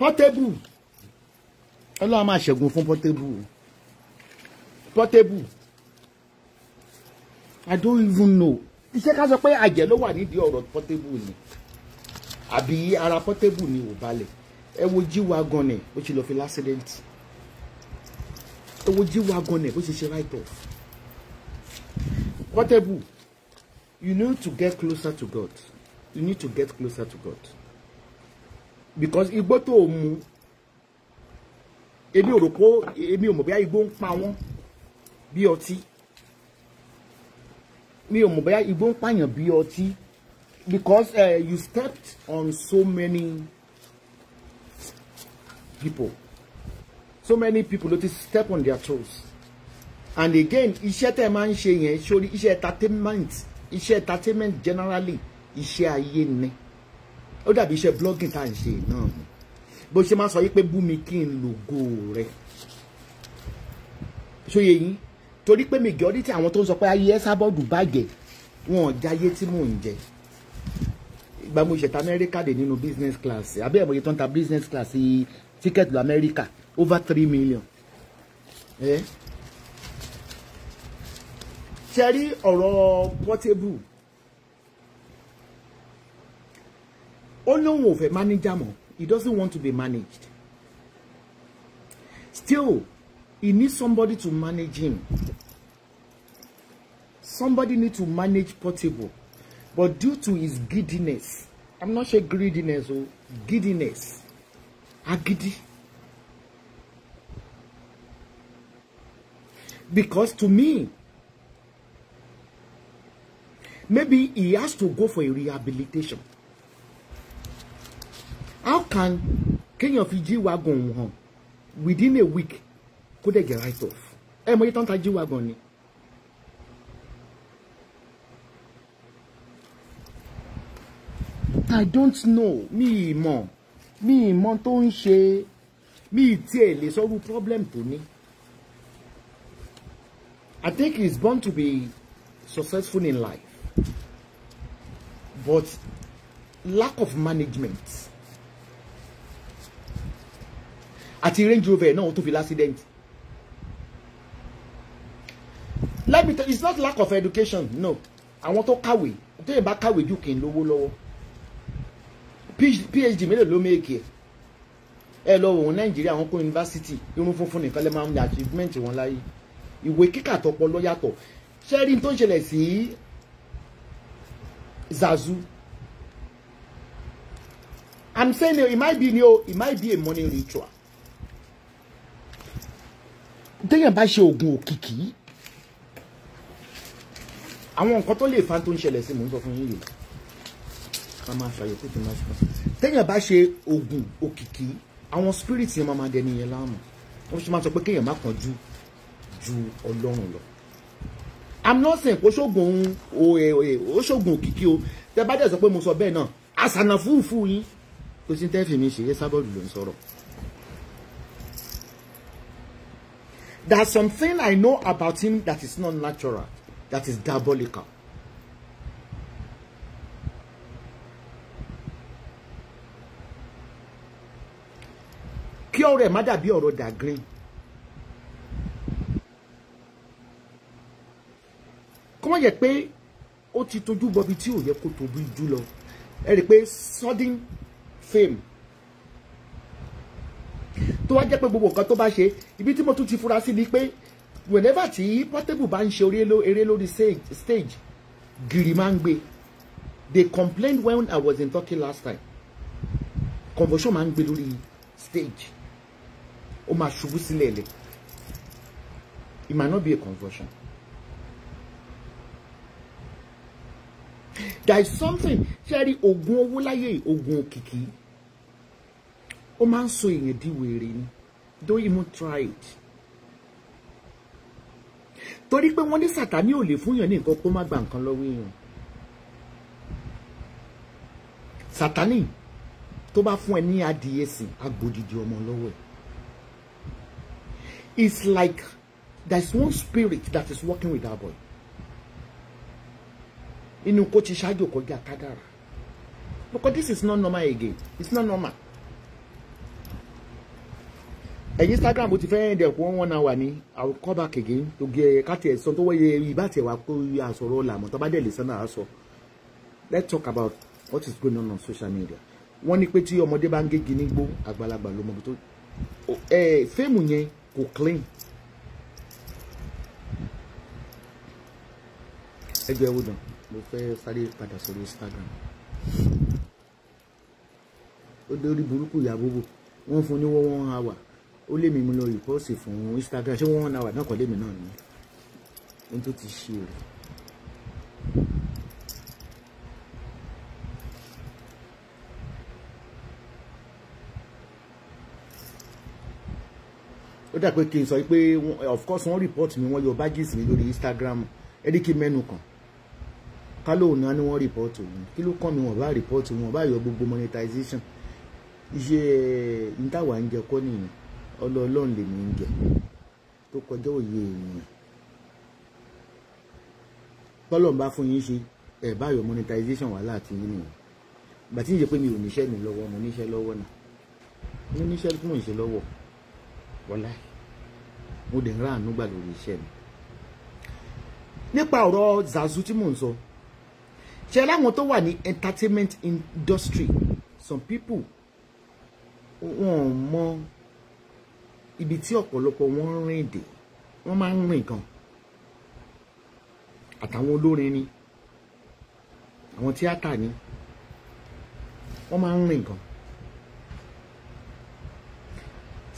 pọ́tébù ọlọ́run máa ṣẹ́gun fún pọ́tébù pọ́tébù I don't even know iṣẹ́ ká sọ pé àjẹ́ ló wà nídìí ọ̀rọ̀ pọ́tébù ni àbí ara pọ́tébù ni ò balẹ̀ ẹ wo jíwa gan ni bó ṣe lọ fi lásìdẹ́ǹtì ẹ wo jíwa gan ni bó ṣe ṣe right off pọ́tébù you need to get closer to God you need to get closer to God because igbó tó o mu èmi ò rò pé èmi ò mọ̀ bóyá igbó ń pa wọ́n bí ọtí mi ò mọ̀ bóyá igbó ń pààyàn bí ọtí because uh, you stepped on so many people so many people ló ti step on their toes and again iṣẹ́ tẹ́ ẹ máa ń ṣe yẹn sórí iṣẹ́ entertainment iṣẹ́ entertainment generally iṣẹ́ ayé ni ó dàbí iṣẹ́ blogging tá à ń ṣe náà ni bó ṣe máa sọ yí pé bú mi kí n lògo rẹ ṣóye yín torí pé majority àwọn tó ń sọ pé ayé ẹ sábọ́ọ̀dù bàjẹ́ wọn ò jáyé tí mò ń jẹ ìgbà mo ṣètò amẹ́ríkà dé nínú business class abẹ́ ẹ̀mọ̀ye tó ń ta business class ticket lọ amẹ́ríkà over three million. ṣe rí ọ̀rọ̀ portable ó lóun ò fẹ́ manager mọ́ he doesn't want to be managed still he needs somebody to manage him somebody need to manage Portable but due to his giddiness i'm not sure greediness o giddiness agídí because to me maybe he has to go for a rehabilitation can kéèyàn fi jí wagon hàn within a week kó dẹ̀ get right off ẹ mọ iye tó ta jí wagon ni. I don't know mi ì mọ̀ mi ì mọ̀ tó ń ṣe mi ì tiẹ̀ lè sọ́rú problem tó ní. I think he's born to be successful in life. But lack of management àti Range Rover náà tó fi l'accident let me tell you it's not lack of education no àwọn tó kàwé tó yẹ bá kàwé jù kì í lówó lọ́wọ́ phd mélòó ló méèkì ẹ ẹ lọ òun nàìjíríà àwọn kó yunifásitì irun funfun nìkan lè máa ń ní achievement wọn láyé ìwé kíkà tọpọ lọ yàtọ̀ sẹ́rí tó ń ṣẹlẹ̀ sí Zazu i'm saying it might be ni it might be a money ritual téèyàn bá ṣe oògùn òkìkí àwọn nǹkan tó lè fa tó ń ṣẹlẹ̀ sí mò ń sọ fún yín yìí ká máa ṣàyẹ̀ tó ti máa ṣe téèyàn bá ṣe oògùn òkìkí àwọn spirit yẹn máa máa dẹni yẹn láàmú wọ́n ṣe máa sọ pé kéèyàn má kánjú ju ọlọ́run lọ i'm not saying pé ṣoògùn ṣoògùn òkìkí o tẹ bá dẹ̀ sọ pé mo sọ bẹ́ẹ̀ náà àṣànà fúùfù yín kò sí tẹ́ẹ̀fì mi ṣe é sábọ̀dù ló ń sọ̀rọ̀ There's something I know about him that is not natural, that is diabolical. Kí ọ̀rọ̀ ẹ̀ má dàbí ọ̀rọ̀ dàgreen. Kó má jẹ́ pé ó ti tójú bọbi tí ò yẹ kó tóbi jù lọ. Ẹ rí i pé sudden fame tó wá jẹ́ pé gbogbo nǹkan tó bá ṣe ibi tí mo tún ti fura sí ni pé whenever tí Portable bá ń ṣe eré lórí stage gìrì máa ń gbé they complained when I was in Turkey last time convulsion máa ń gbé lórí stage ó máa ṣubú sílẹ̀ lẹ̀ it might not be a convulsion. there is something ṣe rí oògùn owó láyé oògùn òkìkí ó máa ń sọ èèyàn di wèrè ni don't even try it torí pé wọ́n ní sàtáni ò lè fúnyàn ní nǹkan kó má gba nǹkan lọ́wọ́ èèyàn sàtáni tó bá fún ẹ ní adìyẹ sìn agbódìdì ọmọ lọ́wọ́ ẹ̀ it's like there is one spirit that is working with that boy inú kó ti ṣáájú kọjá kádàrá because this is not normal again it's not normal ẹ̀yin Instagram ó ti fẹ́ ẹ̀ǹdẹ̀ kó wọ́n náà wà ní I will come back again tó gé ẹ káàtì ẹ̀sán tó wáyé ìbá tiẹ̀ wá kó àsọ̀rọ̀ làmọ́ tó bá dẹ̀ lè sán náà sọ let's talk about what is going on on social media wọ́n ní pé tí ọmọdé bá ń gé gini gbó àgbàlagbà ló mọ̀ tó fíìmù yẹn kò clean ẹgbẹ́ ẹ̀wò dàn mo fẹ́ sáré padà sórí Instagram ó dé orí burúkú ìyá bóbó wọ́n fún ní wọ́n wọ́n á wà ó lé mi mo lọ rìpọ́ọ̀sì fún Instagram ṣé wọ́n náà wà náà kọ́ lé mi náà ni ohun tó ti ṣe rẹ̀. ó dà pé kí n sọ pé of course wọ́n report mi wọ́n yọ badges mi lórí Instagram ẹni kí mẹ́nu kàn ká lóun ni wọ́n report òun kí ló kàn mí wọ́n bá report wọn bá yọ gbogbo monetization iṣẹ́ ìtawà ń jẹ kọ́ nìyẹn ọlọ́ọ̀lọ́ọ̀ lèmi ń jẹ tó kọjá òye èèyàn tọ́lọ́n bá fún yín ṣe ẹ̀ báyọ̀ monetization wàhálà àti yín nìyẹn bàtí ń jẹ́ pé mi ò níṣẹ́ mi lọ́wọ́ mo níṣẹ́ lọ́wọ́ náà mo níṣẹ́ tí mò ń ṣe lọ́wọ́ wọlá mo dẹ̀ ń rà àánú gbà lórí iṣẹ́ mi nípa ọ̀rọ̀ zazu tí mò ń sọ ṣe láwọn tó wà ní entertainment industry some people wọn ò mọ ibi tí ọ̀pọ̀lọpọ̀ wọn rìn dé wọ́n máa ń rìn gan àtàwọn olórin ni àwọn tíátà ni wọ́n máa ń rìn gan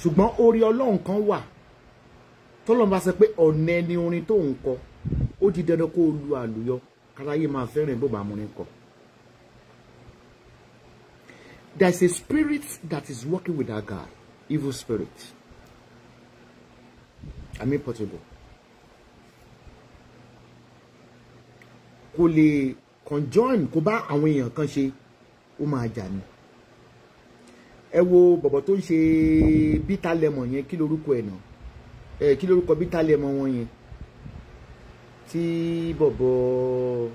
ṣùgbọ́n orí ọlọ́run kan wà tọ́lọ́n bá sọ pé ọ̀nà ẹni orin tó ń kọ ó di dandan kó lu àlùyọ káráyé máa fẹ́ràn bó bá mú ní kọ. There is a spirit that is working with that guy, evil spirit. I mean Portable kò lè conjoin kó bá àwọn èèyàn kan ṣe ó máa jà ní ẹ wo bọ̀bọ̀ tó ń ṣe bítà lẹ́mọ̀ yẹn kí lorúkọ ẹ̀ náà ẹ kí lorúkọ bítà lẹ́mọ̀ wọn yẹn tí bọ̀bọ̀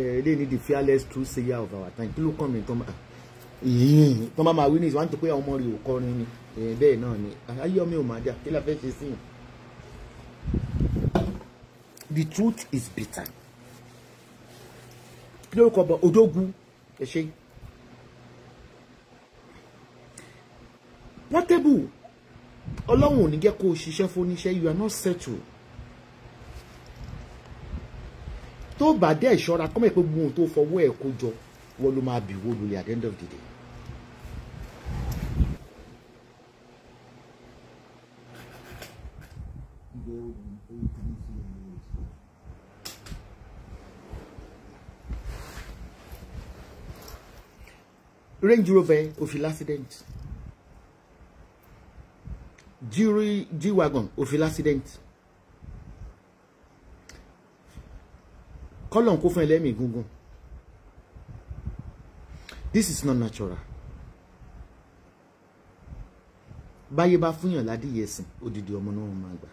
ẹ lè ní the fearless true sayer of our time kí ló kàn mí tán máa yìnyín tó máa máa wí ní ìsìn wá ń tó pé àwọn ọmọ rẹ ò kọrin ni bẹ́ẹ̀ náà ni ayé ọmọ ò máa dà kí la fẹ́ ṣe sí i. the truth is bitter. kí lórúkọ ọba odógun ẹ ṣe. Portable ọlọ́run ò ní jẹ́ kó o ṣiṣẹ́ fóníṣẹ́ you are not settled. tó bá dé ìṣọ́ra kọ́mọ̀ pé gbogbo ohun tó fọwọ́ ẹ̀ kó jọ wọ́n ló máa bìwó lulẹ̀ at the end of the day. Range Rover ó fi l'accident. Jury G-Wagon ó fi l'accident. Kọ́lọ̀ kó fún ẹlẹ́mìí gúngún. This is not natural. Báyé bá fúnyàn ládìyẹ ẹ̀sìn, odidi ọmọ náà máa gbà.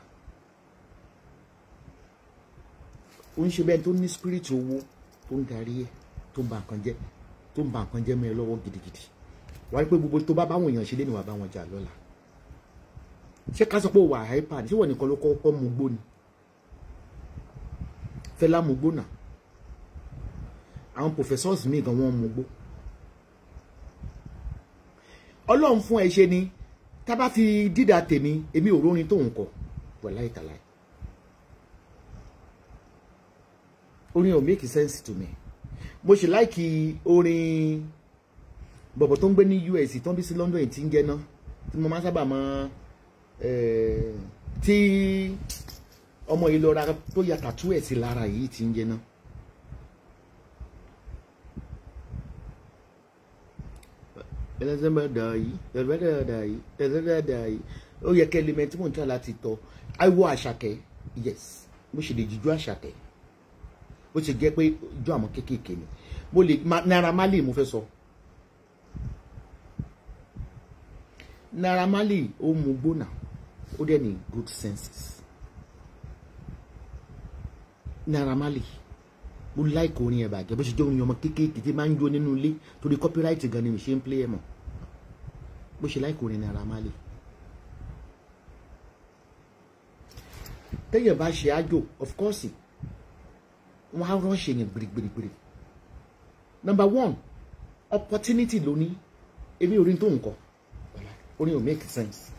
ó ń ṣe bẹ́ẹ̀ tó ní spirit owó tó ń darí ẹ̀ tó ń ba nǹkan jẹ́ tó ń ba nǹkan jẹ́ mẹ́rin lọ́wọ́ gidigidi wàá rí pé gbogbo tó bá báwọn èèyàn ṣe lé ni wàá bá wọn jà lọ́la ṣé ká sọ pé wà hyper ṣé wọ́n nìkan ló kọ́kọ́ mú gbó ni fẹ́lá mú gbó náà àwọn professors míì gan wọ́n mú gbó ọlọ́run fún ẹ ṣe ni tá bá fi dídà tèmi èmi ò rórin tóun kọ wọ̀ orin ò make sense to me mo ṣe láìkí orin bọ̀bọ̀ tó ń gbé ní US tó ń bí sí London èyí tí ń jẹ́ náà tí mo máa ń sábà mọ tí ọmọ yìí lọ ra tó ya tàtú ẹ̀ sí lára yìí tí ń jẹ́ náà. ẹlẹ́sẹ̀mọ̀dà yìí ẹlẹ́sẹ̀mọ̀dà yìí ẹlẹ́sẹ̀mọ̀dà yìí ó yẹ kẹ́lẹ́mẹ̀ tí mò ń tà láti tọ́ àìwọ̀ àṣàkẹ́ yes mo ṣèlè jíjú àṣàkẹ́ bó ṣe jẹ́ pé ojú àwọn kéékèèké ni mo lè Naira Marley mo fẹ́ sọ. Naira Marley ó mu gbóná ó dẹ̀ ní good senses. Naira Marley mo láìkò orin ẹ̀ bàjẹ́ bó ṣe jẹ́ orin ọmọ kéékèèké tí máa ń jó nínú ilé torí copyright gan ni mi ṣe ń play ẹ̀ mọ̀ bó ṣe láìkò orin Naira Marley. téèyàn bá ṣe àjò of course wọn á ránṣẹ́ yẹn gbèrègbèrègbèrè number one opportunity ló ní èmi ò rí tó nǹkan orin ò make sense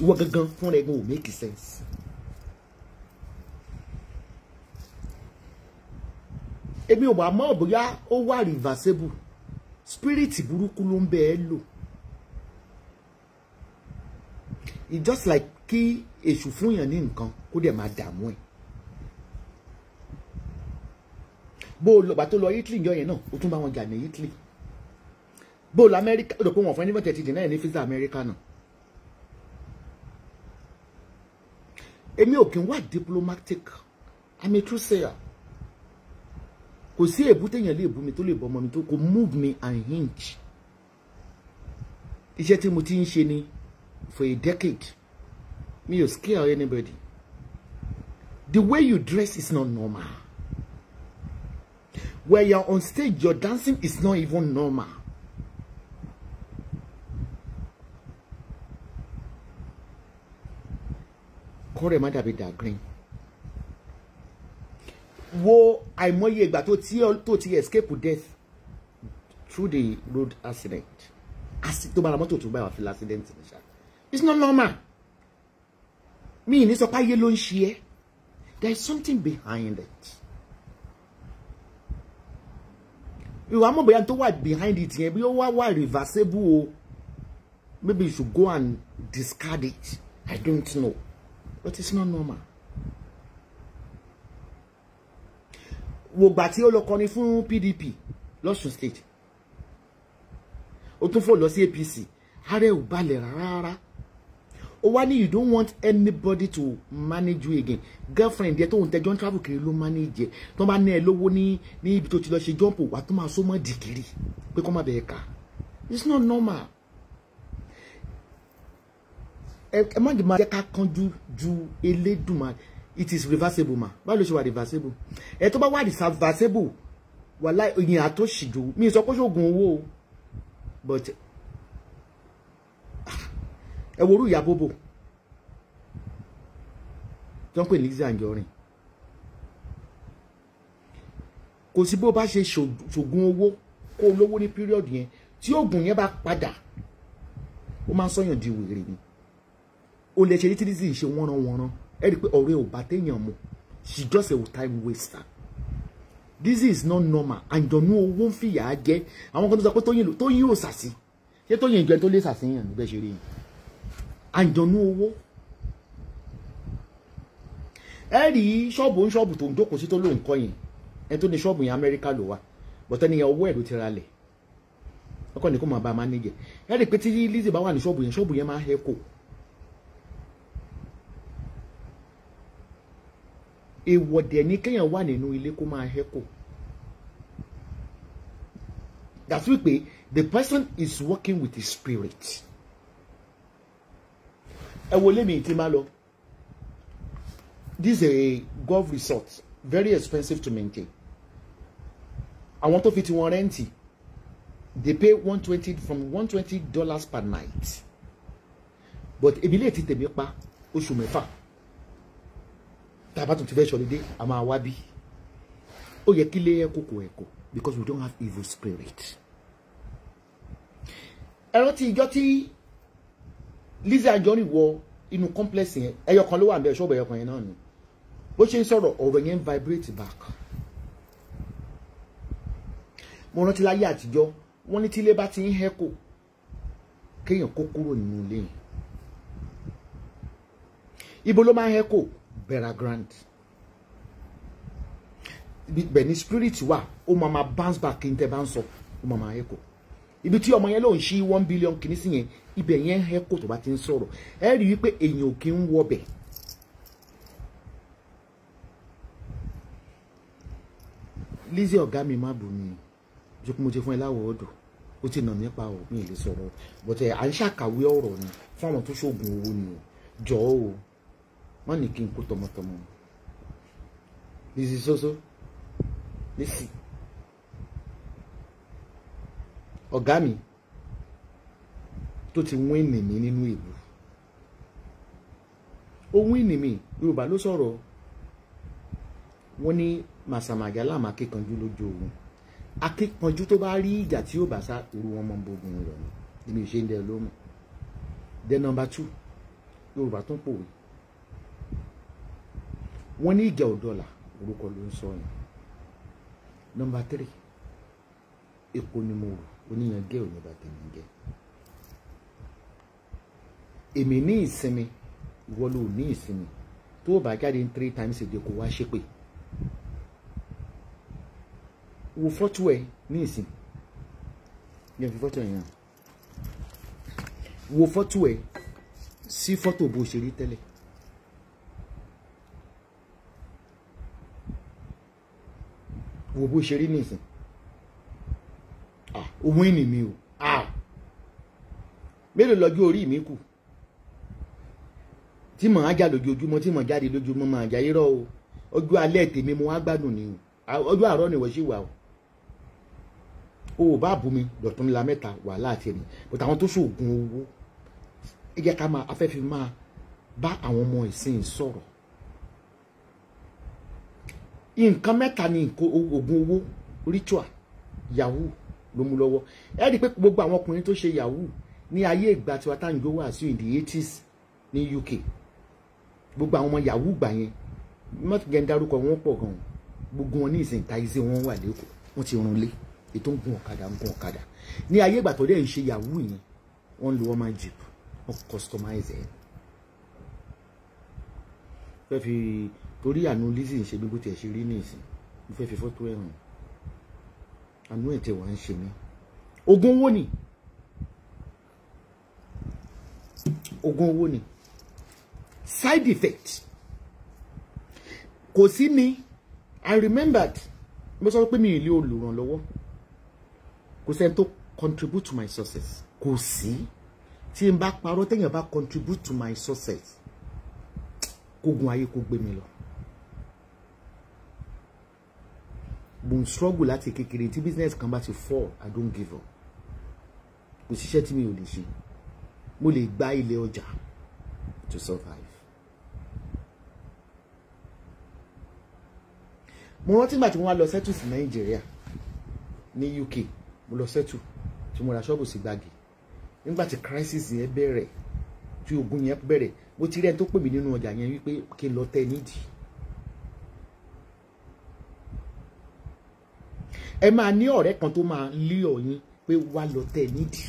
ìwọ gangan fúnra ẹgbẹ́ ò make sense. èmi ò wá mọ̀ bóyá ó wà reversible spirit burúkú ló ń bẹ ẹ́ lò it's just like kí èṣù fún yàn ní nǹkan kó dẹ̀ máa dààmú ẹ̀. bó o lọ́gbà tó lọ Italy yọ yẹn náà o tún bá wọn jà ní Italy bó o lọ America, o rò pé wọn fún ẹni mọ̀ tẹ̀tì dènà ẹ̀ ní fisa Amẹ́ríkà náà. èmi ò kí ń wá diplomatic I'm a true sayer kò sí èbú téèyàn lè bú mi tó lè bọ́ ọmọ mi tó kò move me and hinge iṣẹ́ tí mo ti ń ṣe ni for a decade mi ò scare anybody the way you dress is not normal. Where you're on stage, your dancing is not even normal. kọ́rẹ̀ má dàbí dà green wo àìmọye ìgbà tó ti tó ti escape death through the road accident asi tó bára mọ́tò to bá wà fi accident ní ṣá it's not normal mi ní sọ pé ayé ló ń ṣe something behind it. ìwà mọ̀ bóyá tó wà behind it yẹn bí ó wá wà reversible o maybe you should go and discard it I don't know but it's not normal. wògbà tí ó lọ kọrin fún PDP lọ́sùn state ó tún fò lọ sí APC ààrẹ ò balẹ̀ rárá ó wá ní you don't want anybody to manage you again girlfriend yẹ tó ń tẹjọ́ ń travel kiri ló manage yẹ e. tó bá ní ẹ lówó ní ní ibi tó ti lọ ṣe jump wà tó máa so dìgírì pé kó má bẹ̀ẹ́ kà it's not normal ẹ má jẹ́ máa jẹ́ ká kánjú ju elédùnmá it is reversible ma báwo ló ṣe wà reversible ẹ tó bá wà reversible wàhálà ìyìn àtòṣìjò mi sọ pé ṣoògùn owó but ẹ worú ìyá bóbò tó ń pè ní Anjorin kò sí bó bá ṣe ṣògùn owó kó lówó ní píríọ̀dù yẹn tí oògùn yẹn bá padà ó máa ń sọyàn di wèrè ni o lè ṣe títí sí ìṣe wọ́nranwọ́nran ẹ rí i pé ọ̀rẹ́ ò bá téèyàn mu she just a time waster this is not normal àjọ̀nú owó ń fìyà jẹ àwọn kan tó sọ pé Tóyìn ò sàsí ṣé Tóyìn ìjọ ẹni tó lè sàsíyàn níbẹ̀ ṣe rí yìí àjọ̀nú owó ẹ rí ṣọ́ọ̀bù ń ṣọ́ọ̀bù tó ń jókòó sí tó lóun kọ́ yẹn ẹni tó ní ṣọ́ọ̀bù yẹn Amẹ́ríkà ló wà bọ́tẹ́ ni owó ẹ̀ ló ti ra lẹ̀ ọkọ ní kó máa bá a máa níjẹ ẹ rí pé tí Lizzy bá wà ní ṣọ́ọ̀bù yẹn ṣọ́ọ̀bù yẹn máa hẹ́ kò ìwọ̀dẹ̀ ní kéèyàn wà nínú ilé kó máa hẹ́ kò that's wípé the person is working with his spirit ẹ wo lémi tí máa lọ this is a golf resort very expensive to maintain àwọn tó fi ti wọn rẹ́ǹtì they pay one twenty from one twenty dollars per night but ebi lè ti tèmi pa oṣù mẹ́fà tá a bá tún ti fẹ́ sọ̀rọ̀ dé a máa wá bí ó yẹ kí lé ẹ̀kọ́ kò ẹ̀kọ́ because we don't have evil spirit ẹ̀rọ ti ìjọ tí Lizzy Anjorin wọ inú complex yẹn ẹyọ kan ló wà níbẹ̀ ṣọ́ọ̀bù ẹyọ kan yẹn náà ni bó ṣe ń sọ̀rọ̀ ọ̀rọ̀ yẹn ń vibrate back mo rántí láyé àtijọ́ wọ́n ní tílé bá ti ń hẹ́kò kéèyàn kó kúrò nínú ilé yẹn ibo ló máa ń hẹ́kò bẹ̀rà grand ibẹ̀ ni spirit wà ó máa ma bounce back kí n tẹ́ bá ń sọ ó máa ma hẹ́kò ibi tí ọmọ yẹn ló ń ṣí one billion kìíní sí yẹn ibẹ̀ yẹn hẹ́ kò tó bá ti ń sọ̀rọ̀ ẹ rí i pé èèyàn ò kí ń wọbẹ̀. Lizzie ọ̀gá mi má bù mí ju kí mo ṣe fún ẹ láwọ̀ ọ̀dọ̀ ó ti nà nípa òpin ìlú sọ̀rọ̀ bọ̀tẹ̀ à ń ṣàkàwé ọ̀rọ̀ ni fún àwọn tó ṣoògùn owó ni o jọ o má ní kí n kó tọmọtọmọ Lizzie soso lisi, ọ̀gá mi tó ti wíìnì mí nínú ìlú ó wíìnì mí Yorùbá ló sọ̀rọ̀ wọ́n ní màsàmàjà láàmà akíkanjú lójú ogun akíkanjú tó bá rí ìjà tí yóò bá sá irú wọn mọ gbogbo rẹ ni èmi ò ń dẹ lóhùn then number two Yorùbá tó ń pòwe wọ́n ní ìjà òdọ́là orúkọ ló ń sọ yẹn number three epo ni mo rò oníyànjẹ ò ní bàtẹ́ mi èmi ní ìsinmi ìwọ ló ní ìsinmi tó o bá jáde ní three times a day kó wá ṣépè wo fọ́tò ẹ̀ ní ìsìn yẹn fi fọ́tò ẹ̀ yẹn wo fọ́tò ẹ̀ sí fọ́tò bó ṣe rí tẹ́lẹ̀ wo bó ṣe rí ní ìsìn ah òun ìní mi o ah mélòó lọ́jọ́ orí mi kù tí mò ń jà lójoojúmọ́ tí mò ń jáde lójoojúmọ́ máa jà irọ́ o ọjọ́ alẹ́ tèmi mo wá gbádùn ni ọjọ́ àárọ̀ ni wọ́n sì wà o o ò bá bù mí dọ̀tún la mẹ́ta wàhálà àti ẹ̀mí but àwọn tó ṣoògùn owó ẹ jẹ́ ká máa afẹ́fẹ́ máa bá àwọn ọmọ ìsìn sọ̀rọ̀ nǹkan mẹ́ta ni oògùn owó ritual yahoo ló mú lọ́wọ́ ẹ rí i pé gbogbo àwọn ọkùnrin tó ṣe yahoo ní ayé ìgbà tiwa tá à ń gbówó àṣù in the 80s ní UK gbogbo àwọn ọmọ yahoo gbà yẹn mọ́tìgẹ́ ń dárúkọ wọn pọ̀ gan-an gbogbo wọn ní ìsìntàìsí wọn wà lẹ́kọ̀ọ́ wọn ti run lé ètò ń gun ọ̀kadà ń gun ọ̀kadà ní ayé ìgbà tó dẹ̀ ń ṣe yahoo yẹn wọ́n lo ọmọ jeep wọ́n customize ẹ̀ fẹ́ fi torí àánú Lizzy ń ṣe bí bó tiẹ̀ ṣe rí ní ìsìn mo fẹ́ fi fọ́tò ẹ̀ àánú ẹ̀ tẹ̀ wá ń ṣe mí ogún owó ni ogún owó ni side effect kò sí mi i remembered mo sọ pé mi ì lé kò sẹ́ni tó contribute to my success kò sí tí n bá parọ́ téèyàn bá contribute to my success kógun ayé kó gbé mi lọ. mo ń struggle láti kékeré tí business kan bá ti fall i don't give up kò síṣẹ́ tí mi ò lè ṣe mo lè gba ilé ọjà to survive. mo rántí ìgbà tí mo wá lọ sẹ́tù sí nàìjíríà ní UK mo lọ sẹ́tù tí mo ra ṣọ́ọ̀bù sí gbàgì nígbà tí crisis yẹn bẹ̀rẹ̀ tí ogun yẹn bẹ̀rẹ̀ mo ti rí ẹni tó pè mí nínú ọjà yẹn wípé kí n lọ tẹ nídìí. ẹ máa ní ọ̀rẹ́ kan tó máa lé ọ̀yin pé wá lọ tẹ nídìí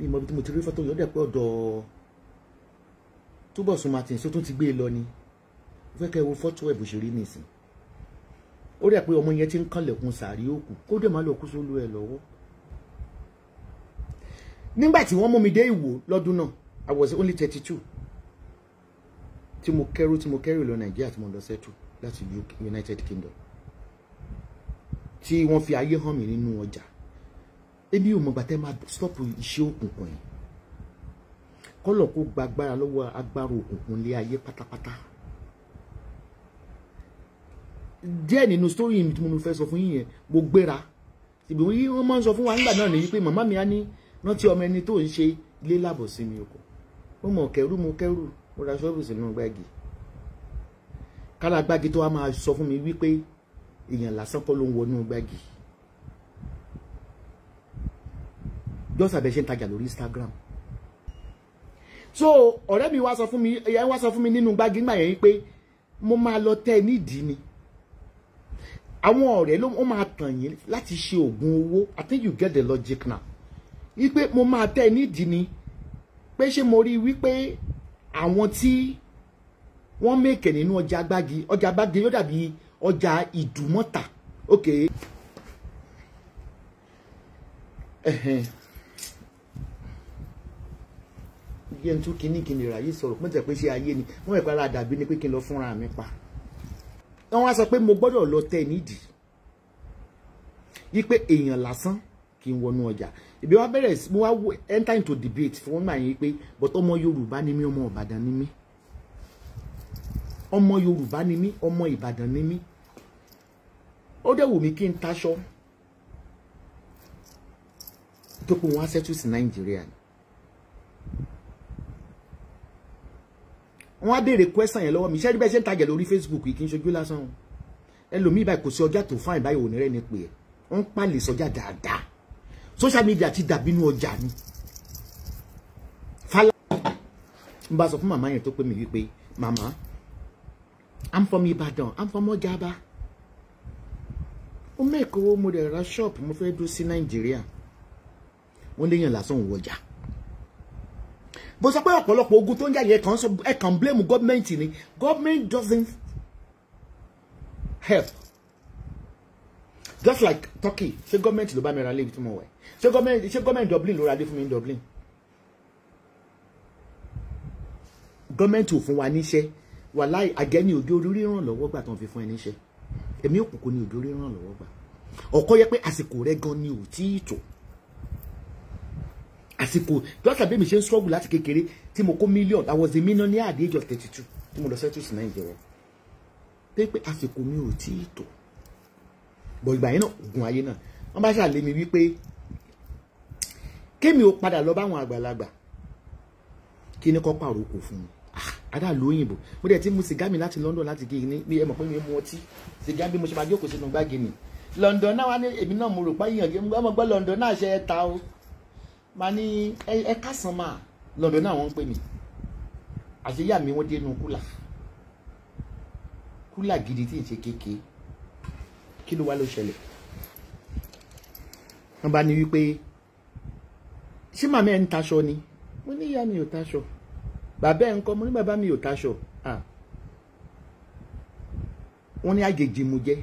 ní ìmọ̀ tí mo ti rí fọ́tò yọ̀dẹ̀ pé ọ̀dọ̀ Túbọ̀sún Martin sótún ti gbé e lọ ni mo wo fọ́tò ẹ̀ rí nìsín ó rẹ̀ pé ọmọ yẹn ti ń kànlẹ̀kùn sàárì òkú kó dẹ̀ má lọ kú sólú ẹ̀ lọ́wọ́ nígbà tí wọ́n mú mi dé ìwò lọ́dún náà I was only thirty two tí mo kẹ́rù tí mo kẹ́rù lọ Nàìjíríà tí mo lọ sẹ́tù láti United Kingdom tí wọ́n fi ayé hàn mí nínú ọjà ebi ò mọ̀ gbàtẹ́ máa stop iṣẹ́ òkùnkùn yìí kọ́lọ̀ kó gba agbára lọ́wọ́ agbára òkùnkùn lé ayé pátápátá díẹ̀ nínú story mi tí mo fẹ́ sọ fún yín yẹn mo gbéra ìbí wọ́n máa ń sọ fún wa nígbà náà nìyí pé màmá mi á ní rántí ọmọ ẹni tó ń ṣe ilé láàbọ̀ sí mi oko mo mọ̀ kẹrù mo kẹrù mo ra ṣọ́ọ̀bù sínú gbági kára gbági tó wá máa sọ fún mi wípé èèyàn lásán kọ́ ló ń wọnú gbági just abẹ ṣe ń tajà lórí Instagram so ọ̀rẹ́ mi wá sọ fún mi ẹ̀yà wá sọ fún mi nínú gbági nígbà yẹn pé mo máa lọ tẹ́ ẹ nídìí ni. Dini àwọn ọ̀rẹ́ ló máa tàn yín láti ṣe oògùn owó I think you get the logic now wípé mo máa tẹ́ ẹ nídìí ni pé ṣé mo rí wípé àwọn tí wọ́n mèkè e nínú ọjà gbági ọjà gbági yóò dàbí ọjà ìdùmọ̀tà ok. yẹn tún kíní kíní rà yìí sọ̀rọ̀ pé tẹ̀ pé ṣé ayé ni wọ́n rẹ̀ pé ara dàbí ni pé kí n lọ fúnra mi pa wọ́n wá sọ pé mo gbọ́dọ̀ lọ tẹ nídìí wípé èèyàn lásán kì í wọnú ọjà ìbí wa bẹ̀rẹ̀ mo wá enter into debate fún wọn yìí pé but ọmọ Yorùbá ni mí ọmọ Ìbàdàn ni mí ọmọ Yorùbá ni mí ọmọ Ìbàdàn ni mí ó dẹ̀ wù mí kí n taṣọ tó kó wọn á settle sí Nàìjíríà ni wọ́n á béèrè question yẹn lọ́wọ́ mi ṣé bẹ́ẹ̀ ṣe ń tajà lórí Facebook kì í ṣojú lásán o ẹlòmíì báyìí kò sí ọjà tó fáìn báyìí òní rẹ̀ ni pé wọ́n pàlè sọjà dáadáa social media ti dàbí inú ọjà ni fálá n bá sọ fún màmá yẹn tó pè mí wípé màmá i'm from Ibadan i'm from Ọjà'ba ó mẹ́kọ̀ọ́ mo dẹ̀ ra ṣọ́ọ̀pù mo fẹ́ dúró sí Nàìjíríà wọ́n léèyàn lásán òun wọjà bó sọ pé ọ̀pọ̀lọpọ̀ ogun tó ń jà yẹn kàn sọ ẹ kàn blame government ni government doesn't help just like Turkey ṣé government ló bá mi ra lé ibi tí mo wẹ̀ ṣé government ṣé government Dublin ló ra dé fún mi ní Dublin gọ́ọ̀mẹ̀ntì ò fún wa níṣẹ́ wàláì àgẹ́ni òjò orí ìrànlọ́wọ́ gbà tó ń fi fún ẹ níṣẹ́ ẹ̀mí òkùnkùn ni òjò orí ìrànlọ́wọ́ gbà ọ̀kọ́ yẹ pé àsìkò rẹ gan ni ò tí ì tò àsìkò just like bí mi ṣe ń struggle láti kékeré tí mo kó million I was a millionaire at the age of thirty two tí mo lọ settle sí nàìjíríà pé pé àsìkò mi ò tí ì tó bọ̀ ìgbà yẹn náà ogun ayé náà wọ́n bá ṣàlẹ́ mi wípé kémi ò padà lọ báwọn àgbàlagbà kí ni kọ́ pàrọ̀ kò fún mi adá ah, lóyìnbó mo dẹ̀ ti mu sìgá mi láti London láti gé ní bí ẹ mọ̀ pé mi mu ọtí sìgá bí mo ṣe máa jókòó sínú gbági ni London náà wá ní èmi náà mo rò pé èèyàn gbé ọmọ gbọ́ London náà ṣe é ta o màá ní ẹ kásán máa lọ́dọ̀ náà wọ́n ń pè mí àṣeyá mi wọ́n dénú kúlà kúlà gidi tí ì ṣe kéke kí ló wá ló ṣẹlẹ̀ wọ́n bá ní wípé ṣé màmá ẹ̀ ń taṣọ ni mo ní ìyá mi ò taṣọ bàbá ẹ̀ ń kọ́ mo ní bàbá mi ò taṣọ wọ́n ní àjèjì mo jẹ́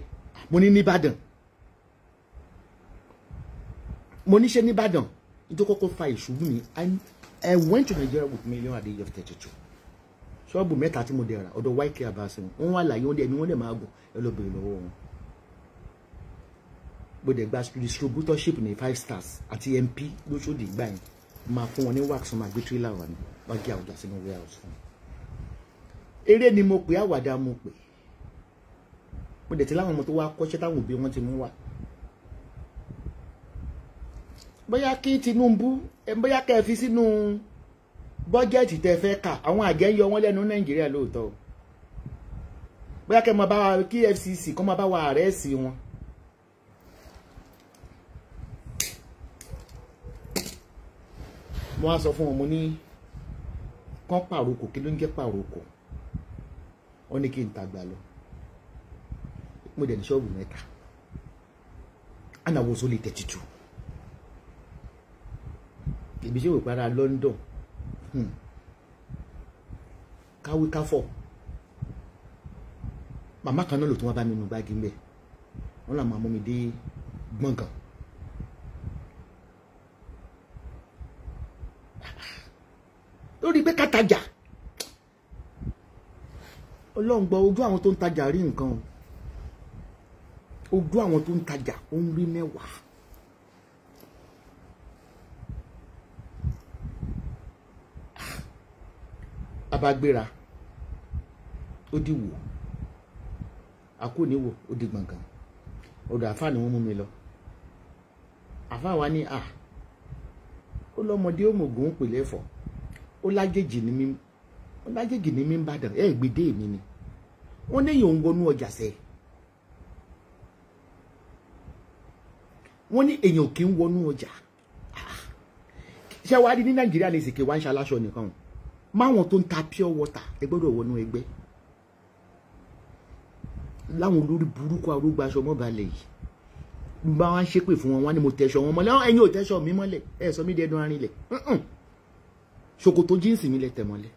mo ní nìbàdàn mo ní ṣe nítorí kọ́kọ́ fa ìṣubú mi I went to Nigeria with million at the age of thirty two ṣọ́ọ̀bù mẹ́ta tí mo dẹ̀ ra ọ̀dọ̀ white care bá sí wọn wọ́n wà láyé wọ́n dẹ̀ ẹ̀mí wọ́n dẹ̀ máa gùn ẹ lọ bèrè lọ́wọ́ wọn bó dẹ̀ gba distributorship ní five stars àti mp lóṣòdì gbà yẹn máa fún wọn ní wax máa gbé trailer wà ní wọ́n gé àwùjọ sínú warehouse fún un eré ni mo pè àwàdà mo pè mo dẹ̀ ti láwọn ọmọ tó wá kọ́ṣẹ́ táwọn òbí wọn ti mú wá bóyá kí Tinubu bóyá kẹ́ ẹ fi sínú bọ́jẹ̀tì tẹ́ fẹ́ kà àwọn àjẹ́ ń yọ wọ́n lẹ́nu Nàìjíríà lóòótọ́ o bóyá kẹ́ ẹ máa bá wa kí FCC kọ́ máa bá wa àrẹ́ẹ̀sì wọn. mo wá sọ fún wọn mo ní kán pàrokò kí ló ń jẹ́ pàrokò wọ́n ní kí n tàgbà lọ mo dẹ̀ ní ṣọ́ọ̀bù mẹ́ta and I was only thirty two èmi ṣe wò para London káwé hmm, káfọ̀ màmá kan náà ló tún wá bá mi nu gbági mbẹ wọn là máa mú mi dé gbọ̀ngàn lórí pé kàtàjà ọlọ́run ojú àwọn tó ń tajà rí nǹkan ojú àwọn tó ń tajà ó ń rí mẹ́wàá. abagbéra ó di wò àkó níwò ó di gbọ̀ngàn ọ̀dọ̀ àfáà ni wọ́n mú mi lọ àfáà wa ní à ó lọ́mọdé ó mọ̀gùn ó pèlè ẹ̀fọ́ ó lájèjì ni mí ó lájèjì ni mí ń bàdàn ẹ̀ gbèdé mi ni wọ́n ní èèyàn wọnú ọjà sẹ́ wọ́n ní èèyàn kì í wọnú ọjà ṣé wàá di ní nàìjíríà ní ìsìnkè wá ń ṣe aláṣọ nìkan o máwọn tó ń ta pure water ẹ gbọ́dọ̀ wọnú ẹgbẹ́ láwọn olórí burúkú arúgbàṣọ mọ́balẹ̀ yìí bá wọn ṣépè fún wọn wọn ni mo tẹṣọ wọn mọ́lẹ̀ ẹ̀yin ò tẹṣọ mi mọ́lẹ̀ ẹ sọ mí di ẹdun arinlẹ̀ ṣòkòtò jíǹsì mi lẹ tẹ̀ mọ́lẹ̀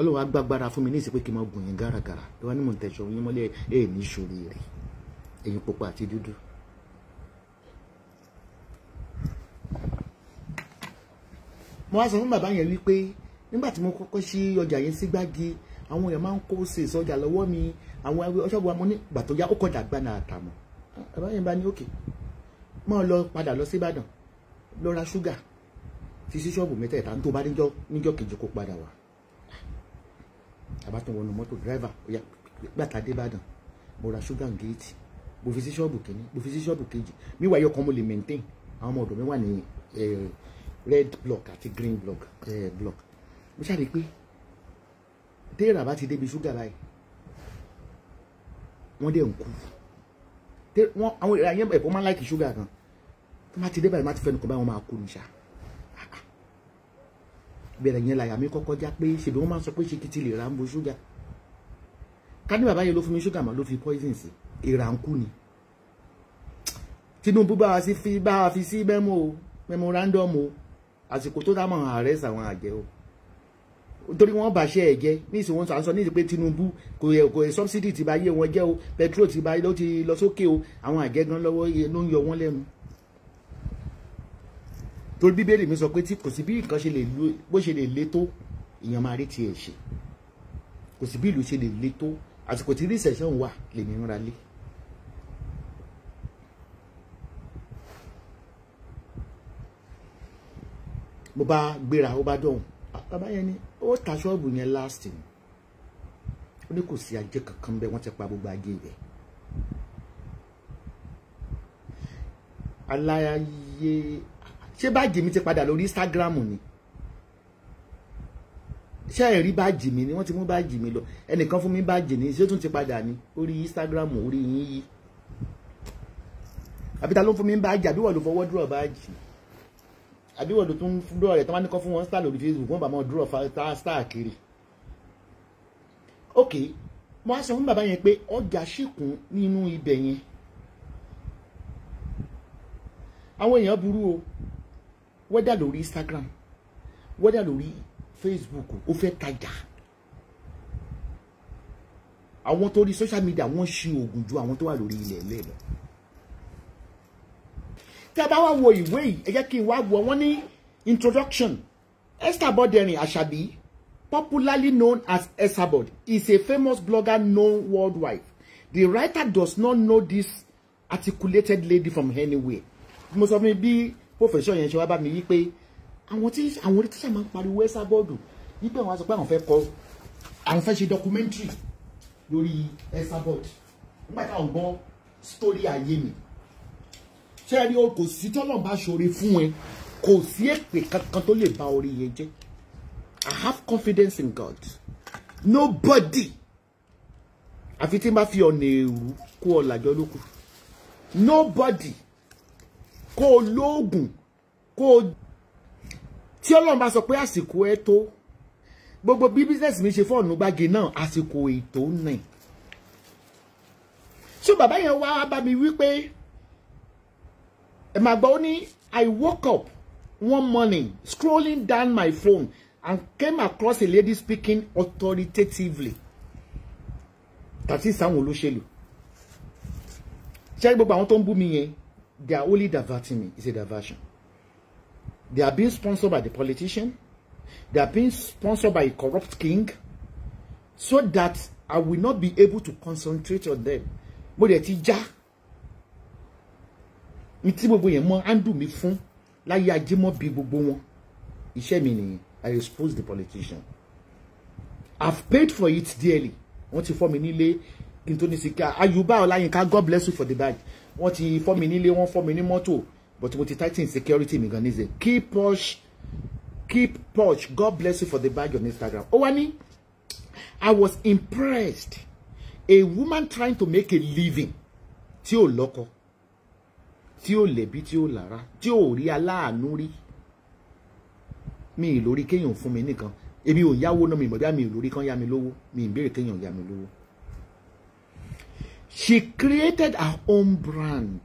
ọlọ́wọ́ agbágbára fún mi ní ìsìnkú kí n máa gùn yín gàràgàrà ẹ wá ní mo tẹṣọ yín mọ́lẹ̀ ẹ ní ìṣòro rẹ̀ ẹ̀yin pupa àti dúdú. mo wá sọ fún bàbá yẹn wípé nígbà tí mo kọ́kọ́ ṣí ọjà yẹn sí gbági àwọn èèyàn máa ń kó ṣe ìsọjà lọ́wọ́ mi àwọn ọṣọ́gun amọ́ nígbà tó yá ó kọjá gbaná àtàmọ́ bàbá yẹn bá ní òkè máa lọ padà lọ sí Ìbàdàn lọ ra ṣúgà fi sí ṣọ́ọ̀bù mẹ́tẹ̀ẹ̀ta tó bá níjọ́ kejì kó padà wá àbátan wọnú mọ́tò dírẹ́fà gbàtà dé Ìbàdàn mo ra ṣúgà géètì mo fi sí ṣọ́ọ̀bù kìíní mo fi sí ṣọ́ọ̀bù kejì mi wáyé ọkàn mo lè maintain àwọn ọmọ ọ̀dọ̀ mi wà ní eh, red block àti green block eh, block mo ṣàrí pé téèrà bá ti débi ṣúgà báyìí wọ́n dẹ̀ ń kú wọ́n àwọn èèyàn yẹn ẹ̀fọ́ máa ń láìkì ṣúgà gan tó má ti dé báyìí má ti fẹ́ nìkan báyìí wọ́n máa kú ní ṣá bẹ̀rẹ̀ yẹn làyà mi kọ́kọ́ já pé ṣèbí wọ́n máa ń sọ pé ṣe kìtì lè ra ń bo ṣúgà ká ní bàbá yẹn ló fún mi ṣúgà mà ló fi poison sí èèrà ń kú ni Tinubu bá wa fi sí mẹ́mọ́ o mẹ́mọ́ random o àsìkò tó dá mọ̀ ààrẹ sàwọn àjẹ́ o torí wọ́n bàṣẹ ẹ̀ jẹ́ ní ìsìn wọn sọ ní ìsìn pé Tinubu kò yẹ kò yẹ subsidy ti ba yé wọn jẹ́ o petrol ti ba ló ti lọ sókè o àwọn àjẹ́ gan lọ́wọ́ ló ń yọ wọ́n lẹ́nu torí bíbélì mi sọ pé tí kò sí bí nǹkan ṣe lè bó ṣe lè le tó èèyàn máa rí tiẹ̀ ṣe kò sí bí ìlú ṣe lè le tó àsìkò tí rí ìṣẹ̀ṣẹ̀ ń wà lèmi ń ra lé. mo bá gbéra ó bá dọ̀hún ah, bàbá yẹn ni ó ta ṣọ́ọ̀bù yẹn last ni ó ní kò sí ajé kankan bẹ́ẹ̀ wọ́n ti pa gbogbo ajé ibẹ̀ aláyé ṣé báàjì mi ti padà lórí Instagram ni ṣé ẹ rí báàjì mi ni wọ́n ti mú báàjì mi lọ ẹnìkan fún mi báàjì ni ṣé tún ti padà ni orí Instagram orí yín yí àbí ta ló fún mi báàjì àbí wọ́n ló fọwọ́ dúró báàjì ni àbí wọ́n ló tún dúró rẹ̀ tó máa ní kọ́ fún wọn star lórí Facebook wọ́n bá mọ́ dúró star kiri ok mo á sọ fún bàbá yẹn pé ọjà ṣìkún nínú ibẹ̀ yẹn àwọn èèyàn burú o wẹ́dà lórí Instagram wẹ́dà lórí Facebook ó fẹ́ tajà àwọn tó rí social media wọ́n ṣe oògùn ju àwọn tó wà lórí ilẹ̀ ẹlẹ́ẹ̀lọ́ tí a bá wá wo ìwé yìí ẹ jẹ́ kí n wá wo wọ́n ní introduction Esther Aboderin Asabi popularly known as Esabod is a famous blogger known worldwide the writer does not know this articulated lady from anywhere mo sọ fún mi bí professor yẹn ṣe wá bá mi wípé àwọn tí àwọn orí tíṣà máa ń pariwo Esabod wípé àwọn á sọ pé àwọn fẹ́ kọ àwọn fẹ́ ṣe documentary lórí Esabod nígbà táwọn gbọ́ story ayé mi ṣé ẹ rí o kò sí tọ́lọ́run bá ṣoore fún ẹ kò sí èpè kankan tó lè ba orí yẹn jẹ́ I have confidence in God nobody àfi tí n bá fi ọ̀nà èrú kó ọ làjọ lókù nobody kó o lóògùn kó o tí ọlọ́run bá sọ pé àsìkò ẹ tó gbogbo bí bísíǹsì mi ṣe fọ́ọ̀nù gbági náà àsìkò ètò nì so bàbá yẹn wá bá mi wí pé ẹ máa I woke up one morning scrolling down my phone and came across a lady speaking authoritatively tàbí sáwọn olóṣèlú ṣé gbogbo àwọn tó ń bú mi yẹn they are only diverting me it's a diversion they are being sponsored by the politician they are being sponsored by a corrupt king so that I will not be able to concentrate on them mo dẹ̀ ti já. Ja ní tí gbogbo yẹn mọ́ áńdù mi fún láyé ajé mọ́ bí gbogbo wọn iṣẹ́ mi nìyẹn I expose the politician I've paid for it dearly wọ́n ti fọ́ mi nílé kí n tó ní sika Ayùbá Ọláyínká God bless you for the bag wọ́n ti fọ́ mi nílé wọ́n fọ́ mi ní mọ́tò but mo ti tighten security mi gan ní ṣe keep push keep push God bless you for the bag on Instagram ó wá ní I was impressed a woman trying to make a living tí ò lọ́kọ tí ò lẹ̀bi tí ò lára tí ò rí aláàánú rí mi ì lórí kéèyàn fún mi nìkan ebi ò yáwó náà mi ìmọ̀dá mi ì lórí kan yá mi lówó mi ì béèrè kéèyàn yá mi lówó. She created her own brand.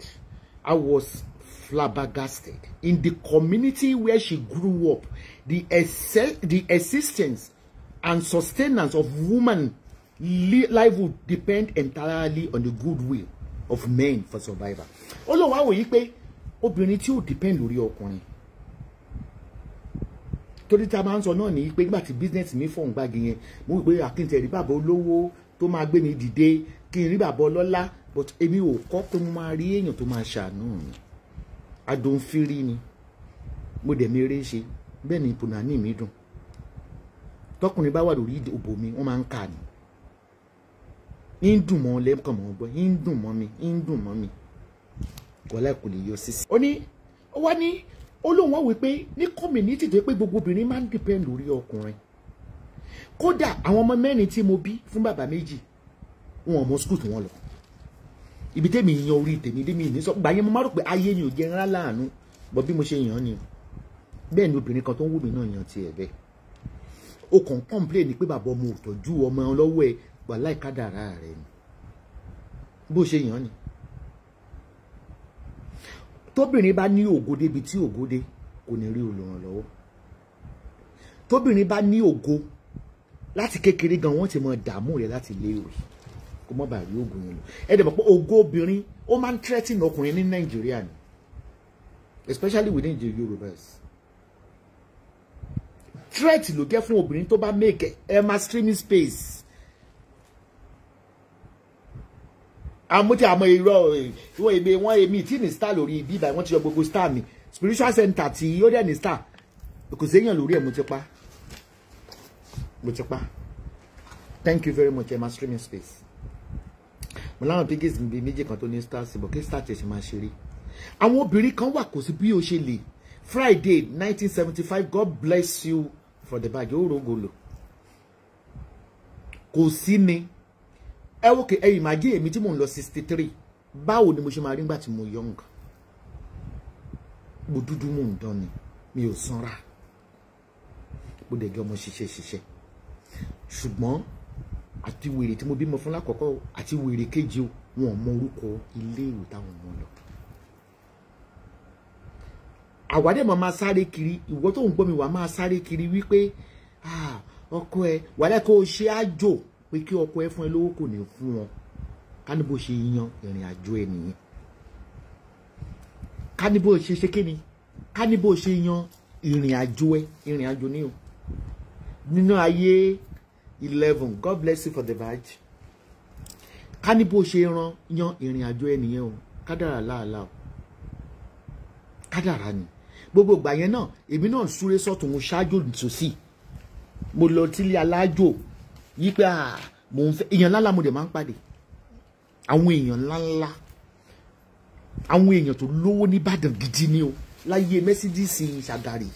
I was flabbergasted. In the community where she grew up, the, the existence and sustenance of woman livelihood depend entirely on the goodwill of men for survival ó lóun á wòye pé obìnrin tí depend lórí ọkùnrin torí tá a máa ń ni náà ní pé nígbà business mi fọ̀hún gbági yẹn mo wí pé akíntẹ̀ ah, rí bàbá olówó tó máa gbé mi dìde kí n rí bàbá but èmi ò kọ́ pé mo ma rí èèyàn tó máa ṣàánú mi adonfiri ni mo dẹ̀ mi eré ṣe bẹ́ẹ̀ ni ìpònà ní mi dùn tọkùnrin bá wà lórí ìbò mi wọ́n máa ń kà ni ń dùn mọ́ lẹ́kàn mọ́ gbọ́ ń dùn mọ́ mi ń dùn mọ́ mi wọlé kò lè yọ sísè. ó ní ó wá ní olóhùn wọn wípé ní community tó pé gbogbo obìnrin máa ń depend lórí ọkùnrin kódà àwọn ọmọ mẹ́rin tí mo bí fún bàbá méjì wọn ò mọ skul tí wọ́n lọ ibi tẹ́mi yan orí tèmi démi ní sọ gbàyẹn mo máa rò pé ayé mi ò jẹ́ ńlá láàánú bọ́ bí mo ṣe yàn án ni bẹ́ẹ̀ ni obìnrin kan tó ń wù mí náà yan tiẹ̀ bẹ́ẹ̀ o kàn complain ni pé bàbá ọmọ ò tọ́jú ọmọ ọlọ́wọ́ ẹ wàláì kádàrá rẹ ni bó ṣe yàn ni tóbìnrin bá ní ògo débi tí ògo dé kò ní rí olùrànlọ́wọ́ tóbìnrin bá ní ògo láti kékeré gan wọ́n ti mọ dààmú rẹ̀ láti léèwé kó mọ́ bàá rí ògùn yẹn lò ẹ dẹ̀ pé ògo obìnrin ó máa ń tírẹ́tìn ọkùnrin ní nàìjíríà ni especially within the yorubas threat ló jẹ́ fún obìnrin tó bá make ẹ máa streaming space àmútí àmọ́ irọ́ ìwọ̀n èmi wọ́n èmi tí ní star lórí ibi ìbàyẹ̀ wọ́n ti yọ gbogbo star mi spiritual center tí ó dẹ̀ ní star kò séèyàn lórí ẹ̀ mo ti pa mo ti pa thank you very much emma streaming space mo láwọn piggies mi bíi méjì kan tó ní star síbò kí star tẹ̀sí máa ṣeré àwọn obìnrin kan wà kò sí bí o ṣe lè friday nineteen seventy five god bless you for the bag ó rògòlò kò sí ni ẹ wò kí ẹ imagine èmi tí mò ń lọ sixty three báwo ni mo ṣe máa rí nígbà tí mo young mo dúdú mò ń dán ni mi ò sanra mo dẹ̀ jọ ọmọ ṣiṣẹ́ ṣiṣẹ́ ṣùgbọ́n àti wèrè tí mo bímọ fún lákọ̀ọ́kọ́ àti wèrè kejì o wọn ò mọ orúkọ iléèwé táwọn ọmọ lọ àwádẹ́ mọ̀ máa sáré kiri ìwọ tó ń gbọ́ mi wà máa sáré kiri wípé ah, ọkọ ẹ wàlẹ́ kó o ṣe àjò pé kí ọkọ ẹ fún ẹ lówó kò ní fún wọn ká ní bó ṣe yan ìrìn àjò ẹ nìyẹn ká ní bó ṣe ṣe kí ni ká ní bó ṣe yan ìrìn àjò ẹ ìrìn àjò ni o nínú ayé eleven God bless you for the badge ká ní bó ṣe ran yan ìrìn àjò ẹ nìyẹn o kádàrá làálà o kádàrá ni gbogbo ìgbà yẹn náà èmi náà súré sọ́tún ṣáájú tòsí mo lọ sílé alájò yí pé à ah, mò ń fẹ́ èèyàn ńláńlá mo dẹ̀ máa ń pàdé àwọn èèyàn ńláńlá àwọn èèyàn tó lówó nìbàdàn gidi ni o láyé mẹ́sídíìsì ṣàgàrì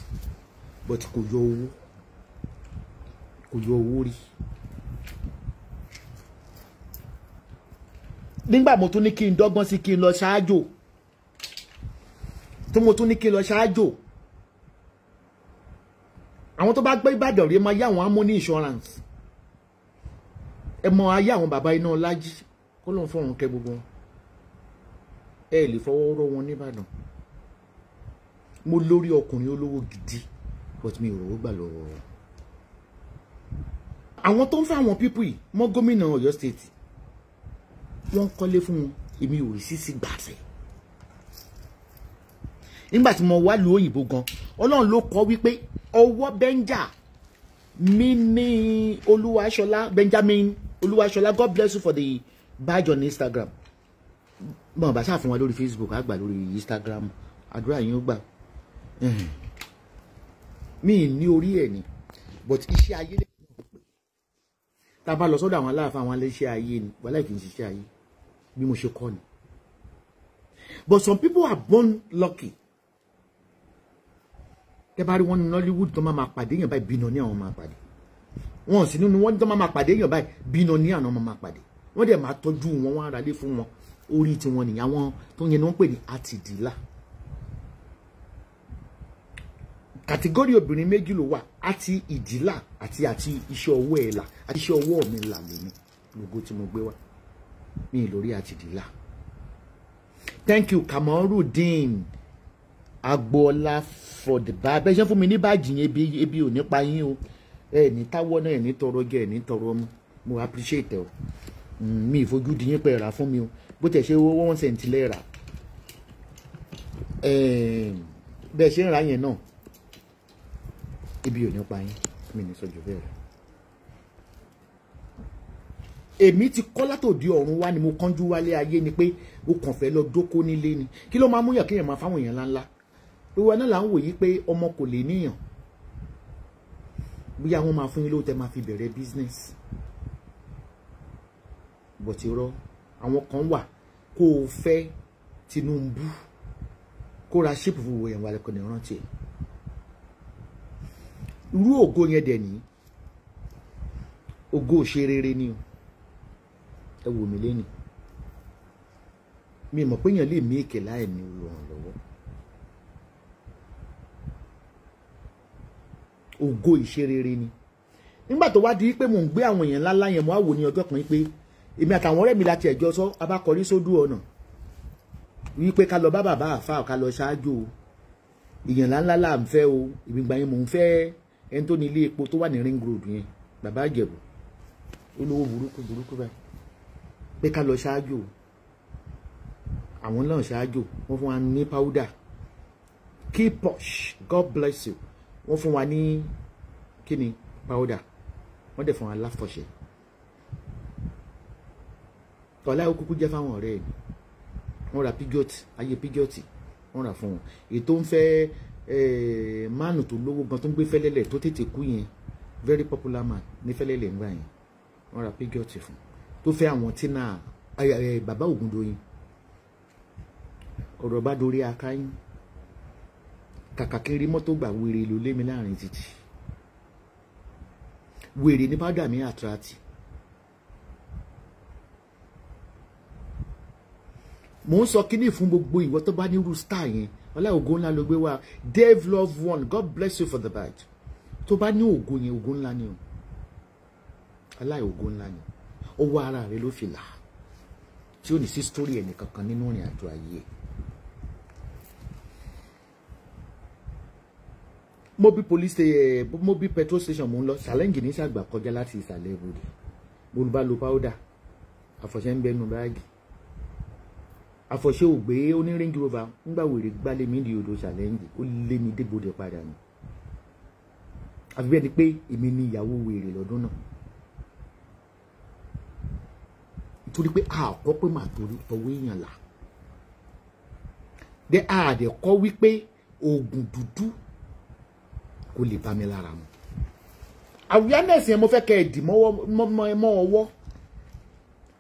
but kò yọ owó kò yọ owó rí. nígbà mo tún ní kí n dọ́gbọ́n sí kí n lọ ṣáájò tó mo tún ní kí n lọ ṣáájò àwọn tó bá gbé Ìbàdàn rí máa yá àwọn amóní insurance ẹ mọ ayé àwọn bàbá iná lájí kó lóun fọrùn kẹ gbogbo wọn ẹ lè fọwọ́ rọ́ wọn nìbàdàn mo lórí ọkùnrin olówó gidi but mi ò rówó gbà lọ́wọ́ wọn. àwọn tó ń fẹ́ àwọn pípù yìí mọ́ gómìnà Ọ̀yọ́ state wọ́n kọ́lé fún wọn èmi ò rí sísí gbàsẹ̀ nígbà tí mo wá lu òyìnbó gan ọlọ́run ló kọ́ wípé ọwọ́ bẹ́ńjà mi ní olúwaṣọlá benjamin Olúwaṣọlá God bless you for the badge on Instagram bọ́n bá ṣáà fún wa lórí Facebook á gbà lórí Instagram àdúrà yín ó gbà mí ní orí ẹ̀ ni but iṣẹ́ ayé lè tá a bá lọ sọ́dọ̀ àwọn aláàfáà àwọn aléṣẹ́ ayé ni wàhálà kì í ṣiṣẹ́ ayé bí mo ṣe kọ́ ni but some people are born lucky tẹ́ bá rí wọn ní Nollywood tó máa máa pàdé yẹn báyìí bí ní àwọn máa pàdé wọn sì nínú wọn jọ máa pàdé èèyàn báyìí bínú ní àná máa pàdé wọn dẹ̀ máa tọ́jú wọn wọn ara lé fún wọn orí tiwọn nìyà wọn tó yẹn ni wọn pè ní àtìdílà kàtígórì obìnrin méjì ló wà àti ìdílà àti àti iṣẹ́ ọwọ́ ẹ̀ là àti iṣẹ́ ọwọ́ mi là lèmi lógo tí mo gbé wá mi lórí àtìdílà thank you Dean agboola for the bag bẹ́ẹ̀ ṣe fún mi ní báàjì yẹn ebi ò ní pa yín o ẹ ní táwọ́ náà ẹ ní tọrọ jẹ ẹ ní tọrọ mu mo appreciate o mm, mi ìfojú di yín pé ẹ rà fún mi o bó tẹ̀ ṣe one cent lẹ́ rà bẹ́ẹ̀ ṣe ń ra yẹn náà ibi ò ní pa yín mi ní sọ jù bẹ́ẹ̀ èmi ti kọ́ látòdì ọ̀run wá ni mo kánjú wálé ayé ni pé o kàn fẹ́ lọ dóko nílé ni kí ló máa mú yàn kéèyàn máa fáwọn èèyàn ńláńlá ìwà náà là ń wòye pé ọmọ kò lè níyàn bóyá wọ́n máa fún yín lówó máa fi bẹ̀rẹ̀ business bọ̀tí rọ àwọn kan wà kó o fẹ́ Tinubu kó ra ṣíìpù fún wo yẹn wà lẹ́kọ̀ọ́ ní rántí ẹ̀ irú ògo yẹn dẹ̀ ní ògo ṣe rere ni ẹ wò mí lẹ́nu mi mọ̀ pé èèyàn lè mí èkè láì ní olùrànlọ́wọ́ ògo ìṣerere ni nígbà tó wá di pé mò ń gbé àwọn èèyàn ńláńlá yẹn mo á wò ní ọjọ́ kan pé èmi àtàwọn ọ̀rẹ́ mi láti ẹ̀jọ́ sọ abákọrí sódú ọ̀nà wípé ká lọ bá bàbá àfa ká lọ ṣáájú o èèyàn ńláńlá là ń fẹ́ o ìgbìngbà yẹn mò ń fẹ́ ẹni tó ní ilé epo tó wà ní ring road yẹn bàbá àjẹ̀bù olówó burúkú burúkú báyìí pé ká lọ ṣáájú o àwọn náà ṣáájú wọ́n fún wa ní powder key posh god bless you wọ́n fún wa ní kíni powder wọ́n dẹ̀ fún wa láfọ̀ṣẹ tọ́lá òkúkú jẹ́ fáwọn ọ̀rẹ́ mi wọ́n ra pigot ayé pigot wọ́n rà fún wọn èyí ń fẹ́ máàlù tó lówó gan tó ń gbé fẹ́lẹ́lẹ̀ tó tètè kú yẹn very popular man ní fẹ́lẹ́lẹ̀ ńgbà yẹn wọ́n ra pigot fún tó fẹ́ àwọn tí náà bàbá Ògúndóyin ọ̀rọ̀ bá dorí akáyín kàkà kẹrí mọ́tò gbà wèrè ló lé mi láàrin títì wèrè ní bá dà mí àtúrátì mò ń sọ kíní fún gbogbo ìwọ tó bá nírú star yẹn ọlá ògo ńlá ló gbé wá Dave love one God bless you for the bad tó bá ní ògo yẹn ògo ńlá ni o ọlá ògo ńlá ni ọwọ́ ara rẹ ló fi là tí ó ní sí sítórí ẹnìkankan nínú ìrìn àjò ayé ẹ̀. Mobi police eh, Mobi petrol station mo ń lọ ṣàlẹ́ǹgì ní ṣàgbà kọjá láti ìsàlẹ̀ ibodè mo bá lo powder àfọ̀ṣẹ ń bẹnu báàgì àfọ̀ṣẹ ò gbé oní range rover ńgbà wèrè gbálé mi di odò ṣàlẹ́ǹgì ó lé mi débodè padà nù àfi bẹ́ẹ̀ ni pé èmi ni ìyàwó wèrè lọ́dún náà torí pé a kọ́ pé màá torí tọwọ́ èèyàn là dẹ́ a dẹ̀ kọ́ wípé oògùn dúdú kó lè bá mi lára mu awareness yẹn mo fẹ́ kẹ́ ẹ dì mọ́ ọwọ́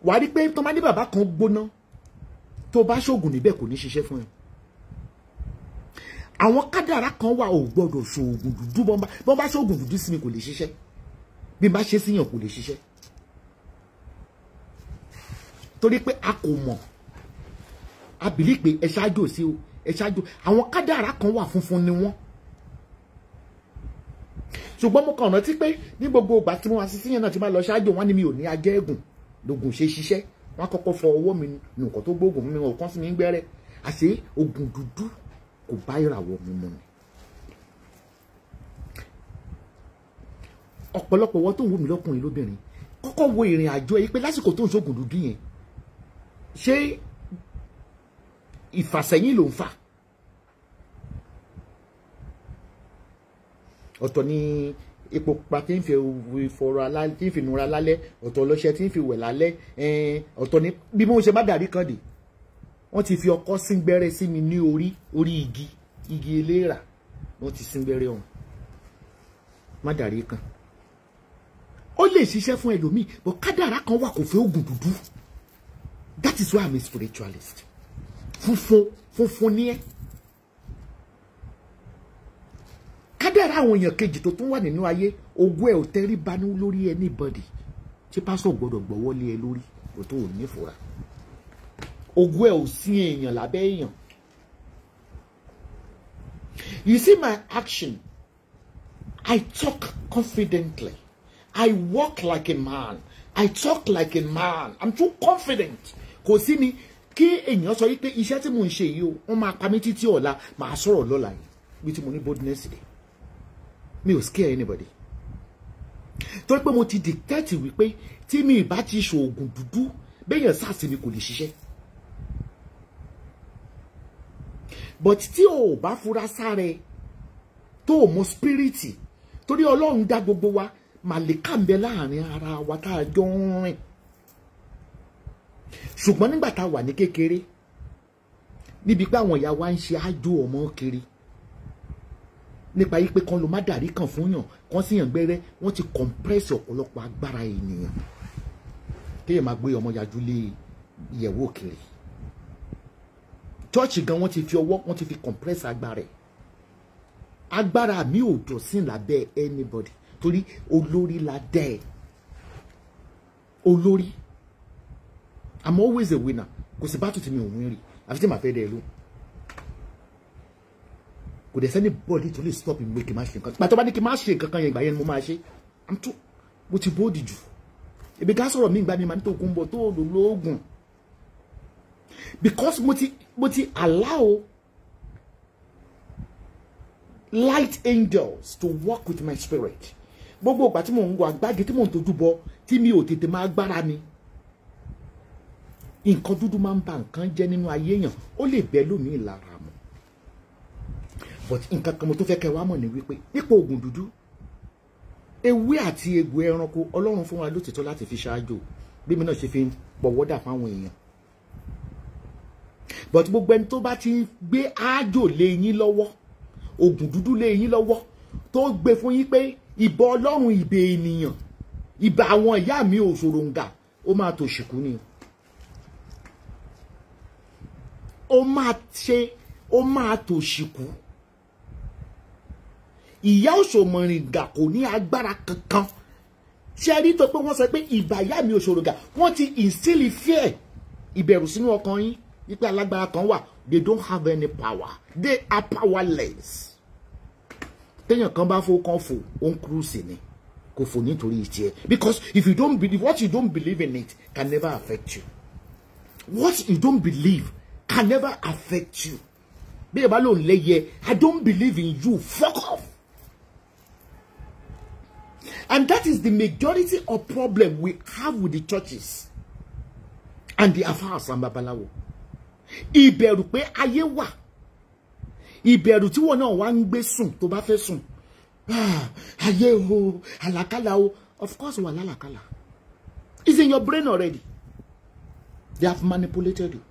wàá rí pé tó máa ní bàbá kan gbóná tó bá ṣoògùn níbẹ̀ kò ní ṣiṣẹ́ fún ẹ àwọn kádàrá kan wà ò gbọdọ̀ ṣoògùn dúdú bọ́n bá ṣoògùn dúdú sí mi kò lè ṣiṣẹ́ bí n bá ṣe síyàn kò lè ṣiṣẹ́ torí pé a kò mọ̀ a bìlí pé ẹ ṣáájú sí ẹ ṣáájú àwọn kádàrá kan wà funfun ni wọ́n ṣùgbọ́n mo kàn rántí pé ní gbogbo ìgbà tí mo wá sí síyẹn náà ti máa lọ ṣáájú wọn ni mi ò ní ajẹ́gùn lògùn ṣe ṣiṣẹ́ wọn kọ́kọ́ fọ ọwọ́ mi nǹkan tó gbóògùn mi wọn kàn sí mi ń gbẹ́rẹ́ àṣé oògùn dúdú kò bá ìràwọ̀ mi mu ni. ọ̀pọ̀lọpọ̀ wọ́n tó ń wò mí lọ́kùnrin lóbìnrin kọ́kọ́ wo ìrìn àjò yìí pé lásìkò tó ń ṣoògùn dúdú yẹn ṣé ìfàsẹ́yìn ló ń ọ̀tọ̀ ni epo pupa tí ń fi fọ̀rọ̀ alálẹ́ tí ń fi nura lálẹ́ ọ̀tọ̀ ọlọ́ṣẹ tí ń fi wẹ̀ lálẹ́ ọ̀tọ̀ ni bí mo ṣe má dàrí kan dè wọ́n ti fi ọkọ́ síngbẹ́rẹ́ sí mi ní orí orí igi igi eléèrà wọ́n ti síngbẹ́rẹ́ ọ̀hún má dàrí kan ó lè ṣiṣẹ́ fún ẹlòmíì bó kádàrá kan wà kò fẹ́ oògùn dúdú that is why i'm a spiritualist funfun funfun ni ẹ́ kádàrá àwọn èèyàn kejì tó tún wà nínú ayé ogún ẹ̀ ò tẹrí banú lórí anybody tí pásítọ̀ gbọ́dọ̀ gbọ́wọ́ lé ẹ lórí kò tó ò nífura ogún ẹ̀ ò sí èèyàn lábẹ́ èèyàn you see my action I talk confidently I walk like a man I talk like a man I'm too confident kò sí mi kí èèyàn sọ yí pé iṣẹ́ tí mò ń ṣe yìí o wọ́n máa pa mí títí ọ̀la màá sọ̀rọ̀ lọ́la yìí bí tí mo ní boldness dé mi ò scare anybody torí pé mo ti dictate wípé tí mi ìbá ti ṣoògùn dúdú béèyàn sars mi kò lè ṣiṣẹ́ but tí o ò bá fura sára tó o mọ spiriti torí ọlọ́run dá gbogbo wa màlíkà ń bẹ láàrin ara wa tá a jọ ń rìn ṣùgbọ́n nígbà tá a wà ní kékeré níbi pé àwọn ìyá wa ń ṣe àjò ọmọ kiri nípa yí pé kan ló má dàrí kan fún yàn kan sì yàn gbẹ́rẹ́ wọ́n ti compress ọ̀pọ̀lọpọ̀ agbára ènìyàn téèyàn máa gbé ọmọ yàjú lé ìyẹ̀wò òkèèrè chọ́ọ̀chì gan wọ́n ti fi ọwọ́ wọ́n ti fi compress agbára ẹ̀ agbára mi ò dùn sí lábẹ́ anybody torí olórí la dẹ́ ẹ̀ olórí I'm always a winner kò sí bá tuntun mi ò win rí àfi tí màá fẹ́ dẹ́ lóhùn kò dẹ̀ sẹ́ni bọ́ọ̀dì tó lè stop mi kì í má ṣe nǹkan gbàtọ́ bá ní kì í má ṣe nǹkan kan yẹn ìgbà yẹn ni mo máa ṣe i'm too mo ti bóòdì jù ebi ká sọ̀rọ̀ mi ìgbà mi ní tóògùn bọ̀ tó lòlóògùn because mo ti mo ti allow light angels to work with my spirit gbogbo ìgbà tí mò ń wọ àgbájé tí mò ń tojú bọ tí mi ò tètè máa gbára ni nǹkan dúdú máa ń ba nǹkan jẹ́ nínú ayé èèyàn ó lè bẹ́ lómi ìlara but nǹkan kan mo tún fẹ́ kẹ́ wá mọ̀ ní wípé nípa oògùn dúdú ewé àti egbò ẹranko ọlọ́run fún wa ló ti tọ́ láti fi ṣáájú bí mi náà ṣe fi ń pọ̀wọ́dà fáwọn èèyàn but gbogbo ẹni tó bá ti ń gbé ájò lé yín lọ́wọ́ oògùn dúdú lé yín lọ́wọ́ tó gbé fún yín pé ìbọ ọlọ́run ìbè ènìyàn ìbà àwọn ìyá mi ò ṣòròǹgà ó máa tòṣìkú ni ó máa ṣe ó máa tòṣìkú ìyá òṣòmọ̀rìngà kò ní agbára kankan a rí tó pé wọ́n sọ pé ìbàyà mi òṣòrògà wọ́n ti instill fear ìbẹ̀rù sínú ọkàn yín wípé alágbára kan wà they don't have any power they are powerless téèyàn kan bá fò kan fò ó ń kúrú sí ni kò fò nítorí tiẹ̀ because if you don't believe what you don't believe in it can never affect you what you don't believe can never affect you bí ẹ bá lóun lẹ́yẹ I don't believe in you fuck off. And that is the majority of problem we have with the churches and the affairs and babalawo. Ìbẹ̀rù pé ayé wà. Ìbẹ̀rù tí wọ́n náà toba ń gbé sùn tó bá ah, Of course wà lálàkálà. It's in your brain already. They have manipulated you.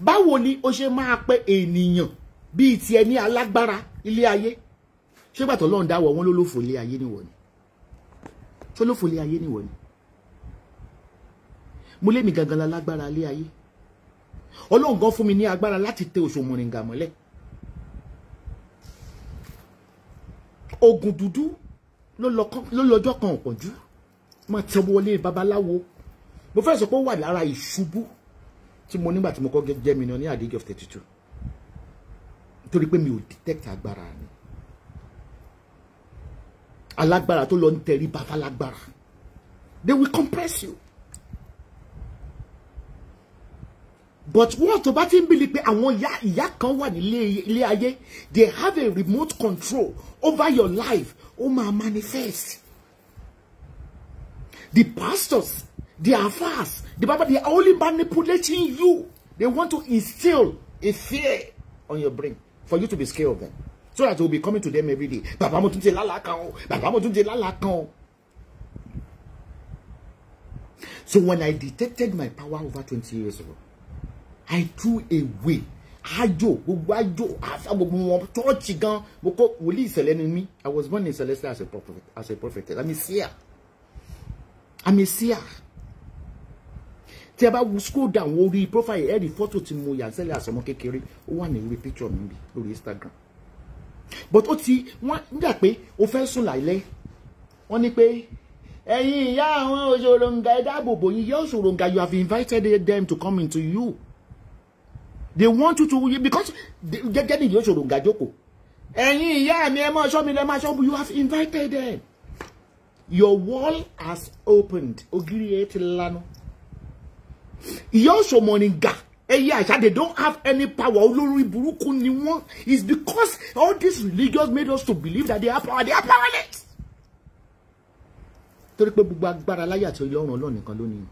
Ba ni oje ma akpe pè Bi bíi ti ẹni alágbára ilé ṣé gbàtọ́ lọ́run dáwọ́ wọn lólófò lé ayé nìwọ ni ṣó lófò lé ayé nìwọ ni mo lémi gangan la lágbára lé ayé ọlọ́run gan fún mi ní agbára láti tẹ oṣù mọ̀rìngà mọ́lẹ̀ ogun dúdú ló lọ́jọ́ kan ọ̀pọ̀jú máa tẹ wọlé babaláwo mo fẹ́ sọ pé ó wà lára ìṣubú tí mo nígbà tí mo kọ́ jẹ́ mi ní at of thirty two torí pé mi ò detect agbára mi alágbára tó lọ tẹrí bá they will compress you but what about bá ti ń àwọn ìyá ìyá kan wà nílé ilé ayé they have a remote control over your life ó manifest the pastors they are fast. the baba they are only manipulating you they want to instill a fear on your brain for you to be scared of them. so that will be coming to them every day bàbá mo tún ti kan o bàbá mo tún ti kan o. So when I detected my power over 20 years ago, I threw away ajo gbogbo ajo afa gbogbo wọn tọọchì gan mo kọ wòlíì ìṣẹ̀lẹ̀ ni mí I was born in Celestial as a prophet as a prophet I'm a seer I'm a seer tí a bá wo scroll down wo rí profile ẹ rí fọ́tò tí mo yà sẹ́lẹ̀ àsọmọ kékeré ó wà ní orí picture mi lórí Instagram but ó ti wọ́n nígbà pé ó fẹ́ sùn láìlẹ́ wọ́n ní pé ẹ̀yin ìyá àwọn òṣòròǹgà ẹ dáàbòbò yín yẹ́ òṣòròǹgà you have invited them to come into you they want you to because gẹ́gẹ́ nìyí òṣòròǹgà jókòó ẹ̀yin ìyá mi ẹ máa ṣọ́ mi lẹ́ máa ṣọ́ you have invited them your wall has opened ògiri ẹ ti lanu ìyá òṣòmọ̀nìgà Yeah, they don't have any power olórí it's because all these religious made us to believe that they have power they are powerless. torí Yeah. gbogbo agbára láyé àti oyè ọ̀run Ọlọ́run nìkan lónìí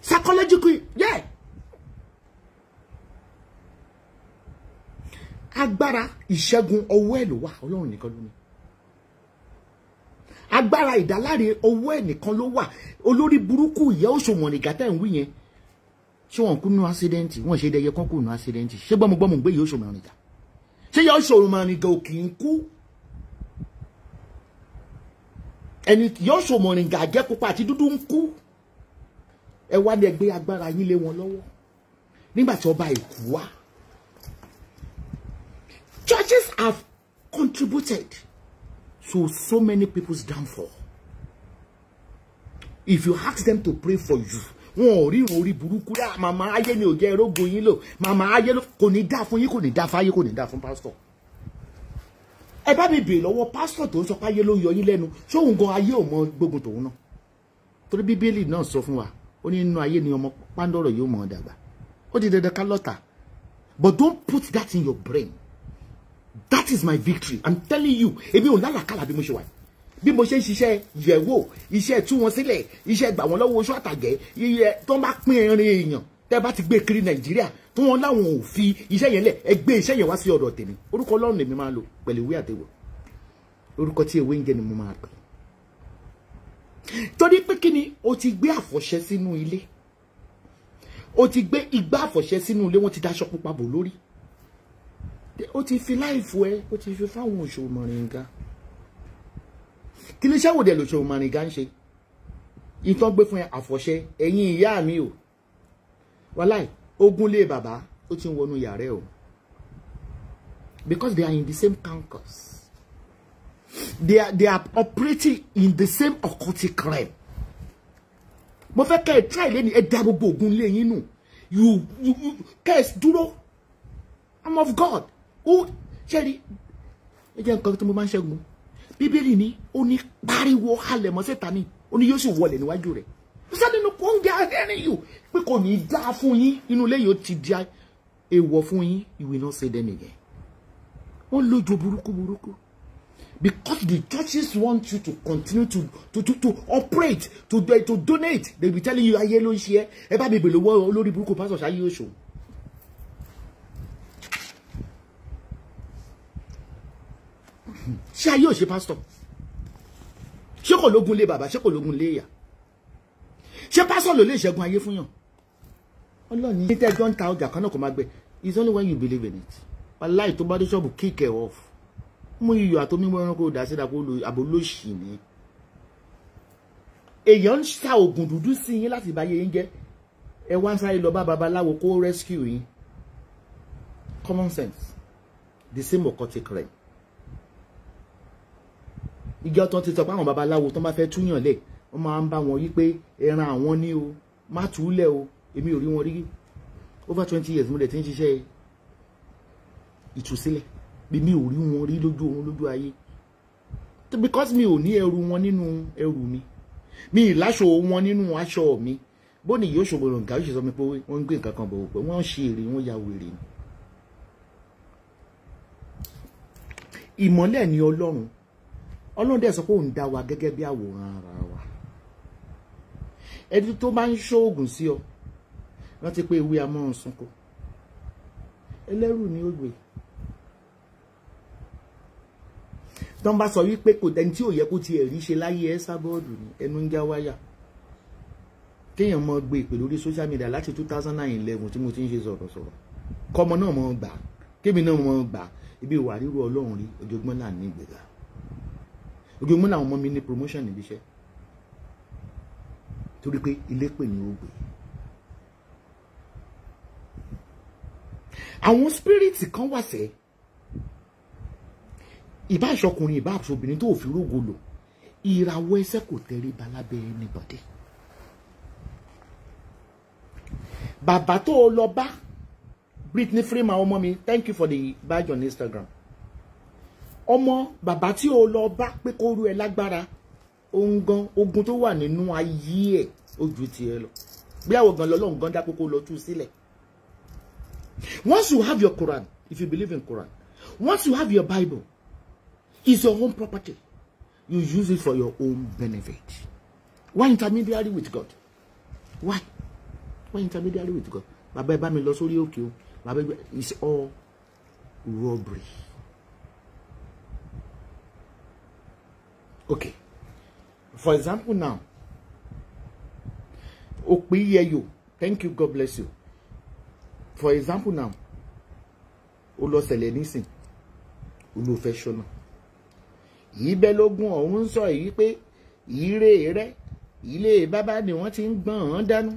psychological yeah Agbara idalare ọwọ́ ẹ̀ ló wà Ọlọ́run nìkan lónìí agbára ìdáláre ọwọ́ ẹ̀ nìkan ló wà ṣé wọn kú nínú accident wọn ṣe dẹyẹ kán kú nínú accident ṣé gbọmọgbọmọ gbé yóò ṣòmọ ìrìnjà ṣé yóò ṣòmọ ìrìnjà ò kì í kú ẹni yóò ṣòmọ ìrìnjà jẹ́ pupa àti dúdú ń kú ẹ wá lè gbé agbára yín lé wọn lọ́wọ́ nígbà tí ọba èkó wá churches have contributed to so many people's downfall if you ask them to pray for you wọn ò ríran orí burúkú rà màmá ayé ni ò jẹ́ erógun yín lò màmá ayé kò ní dá fún yín kò ní dá fáyé kò ní dá fún pásítọ̀ ẹ bá mi bèè lọ́wọ́ pásítọ̀ tó ń sọ páyé ló yọ yín lẹ́nu ṣóun gan ayé ò mọ gbógun tòun náà torí bíbélì náà sọ fún wa ó ní inú ayé ni ọmọ pándọ̀rọ̀ yóò mọ̀ dàgbà ó di dandan ká lọ́ta but don't put that in your brain that is my victory i'm telling you èmi ò lálàkàlà bí mo ṣe wà yìí bí mo ṣe ń ṣiṣẹ́ yẹ̀wò iṣẹ́ tú wọn sílẹ̀ iṣẹ́ gbà wọ́n lọ́wọ́ oṣù àtàgẹ́ iye tó ń bá pín irin èèyàn tẹ́ bá ti gbé kiri nàìjíríà tí wọ́n láwọn ò fi iṣẹ́ yẹn lẹ̀ ẹ gbé iṣẹ́ yẹn wá sí ọ̀dọ̀ tèmi orúkọ ọlọ́run lèmi máa lò pẹ̀lú ìwé àtẹ̀wò orúkọ tí ewé ń jẹ ni mo máa pè torí pé kí ni o ti gbé àfọ̀ṣẹ sínú ilé o ti gbé igbá àfọ̀ṣẹ sínú ilé wọ́n ti daṣọ pupa lórí o ti fi láìfo ẹ o ti fi fáwọn òṣòwò mọ̀rìngà kí ni iṣẹ́ wò dẹ̀ lòṣòwò màrìngá ń ṣe ìtàn gbé fún àfọ̀ṣẹ ẹ̀yin ìyá mi o wàláì ogun lé bàbá ó ti ń wọnú o because they are in the same campus they are they are operating in the same occultic crime. mo fẹ́ kẹ́ try, tíra ìlé ni ẹ da gbogbo ogun lé yín nù you you kẹ́ duro. I'm of God ó ṣe rí ẹ jẹ́ to tó mo máa ń bíbélì ni ó ní pariwo halẹ̀ mọ́ Sátánì ó ní yóò sì wọlé níwájú rẹ̀ sẹ́ni ní kò ń gẹ ahẹ́rìn yìí pé kò ní í dá fún yín inú ilé yìí ó ti di èèwọ̀ fún yín you will not say them again wọ́n lójú burúkú burúkú because the churches want you to continue to to to, to operate to to donate they be telling you ayé ló ń ṣe ẹ ẹ bá mi bèèrè lọ́wọ́ olórí burúkú pásọ̀ ṣáyé òṣòwò. ṣé ayé ò ṣe pásítọ̀ ṣé kò lógun lé bàbá ṣé kò lógun lé ìyá ṣé pásítọ̀ ló lè ṣẹ́gun ayé fún yàn ọlọ́ọ̀ni ní tẹ́jọ́ ń ta ọjà kan náà kò máa gbẹ it's only when you believe in it wàláì tó bá dé ṣọ́ọ̀bù kick ẹ̀ off mú iyọ̀ àtomi mú ẹranko dà sí dàpọ̀ àbólóṣì ni èèyàn ń ta oògùn dúdú sí yín láti bá yé yín jẹ́ ẹ wá ń sáré lọ bá babaláwo kó rescue yín common sense the same occult claim ìjọ tó ti sọ pé àwọn babaláwo tó bá fẹ́ túyàn lẹ̀ wọ́n máa ń bá wọn yí pé ẹran àwọn ní o má túlẹ̀ o èmi ò rí wọn rí over twenty years mo dẹ̀ ti ń ṣiṣẹ́ ìtúsílẹ̀ bí ò rí wọn rí lójú oorun lójú ayé because mi ò ní ẹrù wọn nínú ẹrù mi mi ìláṣọ wọn nínú aṣọ mi bó ni yóò ṣòwò nǹkan yóò ṣe sọ mi pé wọ́n ń gbé nǹkan kan bọ̀ wò wọ́n ń ṣe èrè wọ́n ya wèrè ni ìmọ́lẹ̀ ni Ọlọ́run ọlọ́run dẹ̀ sọ pé òun dá wa gẹ́gẹ́ bí àwòrán ara wa ẹni tó bá ń ṣoògùn sí ọ rántí pé ewé amóhùn sunko ẹlẹ́rù ni ó gbé tọ́n bá sọ wípé kò dẹni tí ò yẹ kó tiẹ̀ rí ṣe láyé ẹ sábọ́ọ̀dù ni ẹnu ń já wáyà kéèyàn mọ gbé ìpè lórí social media láti two thousand nine eleven tí mo ti ń ṣe sọ̀rọ̀sọ̀rọ̀ kọ́mọ náà mọ gbà kémi náà mọ gbà ibi ìwà ríru ọlọ́run rí ojoojúmọ́ náà ní ìgbéga ojú mú làwọn mi ní promotion níbi iṣẹ́ torí pé ilé pè ní ogbè àwọn spiriti kan wà sẹ́ ìbá àṣọkùnrin ìbá àṣọbìnrin tó fi rógo lò ìràwọ̀ ẹsẹ̀ kò tẹríba lábẹ́ anybody bàbá tó lọ bá Britney Freeman ọmọ mi thank you for the badge on Instagram ọmọ bàbá tí o lọ bá pé kó rú ẹ lágbára òun ogun tó wà nínú ayé ẹ ojú tiẹ lọ bí àwọn gan lọlọ́run gan dápé kó lọ tú sílẹ̀ once you have your Quran if you believe in Quran once you have your Bible it's your own property you use it for your own benefit why intermediary with God why why intermediary with God bàbá ẹ bá mi lọ sórí òkè o bàbá ẹ bá it's all robbery. okay for example now you. thank you God bless you for example now ó lọ ṣẹlẹ̀ nísìn olóòfẹ́ Ibe ìbẹ́lógún ọ̀hún unso ipe ire ire. Ile baba ilé bàbá ni wọ́n ti ń gbọ̀n án dánú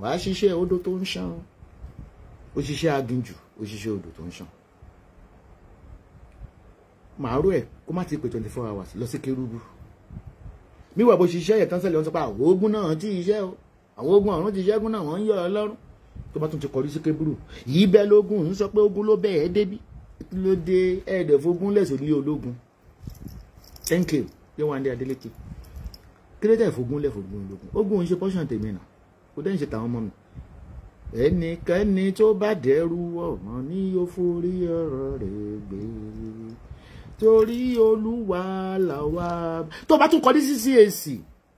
wàá ṣiṣẹ́ odò tó ń ṣàn òṣìṣẹ́ aginjù òṣìṣẹ́ odò tó màárù ẹ̀ kó má ti pè twenty four hours lọ sí kérúbù míwà bó ṣiṣẹ́ yẹ̀ tán sẹ́lẹ̀ wọn sọ pé àwọn ogun náà ti iṣẹ́ o àwọn ogun ọ̀run ti ṣẹ́gun náà wọ́n ń yọ ọ lọ́rùn tó bá tún ti kọrí sí kébùrù yìí bẹ́ẹ̀ lógún ń sọ pé ogun ló bẹ́ẹ̀ débi ló dé ẹ̀ẹ́dẹ̀ fógún lẹ̀sọ̀ lé ológun thank you Yéwándé Adélékè kílódé ìfógún lẹ́fọ̀gún ológun ogun ń ṣe pọ́ṣán tèmi nà kó dẹ́yìn ṣe tàwọn ọmọ mi ẹnikẹ́ni tó bá dẹ́rù ọ̀mọ́ ní yóò forí ọ̀rọ̀ rẹ̀ gbé torí olúwa làwa tó bá tún kọ ní ccac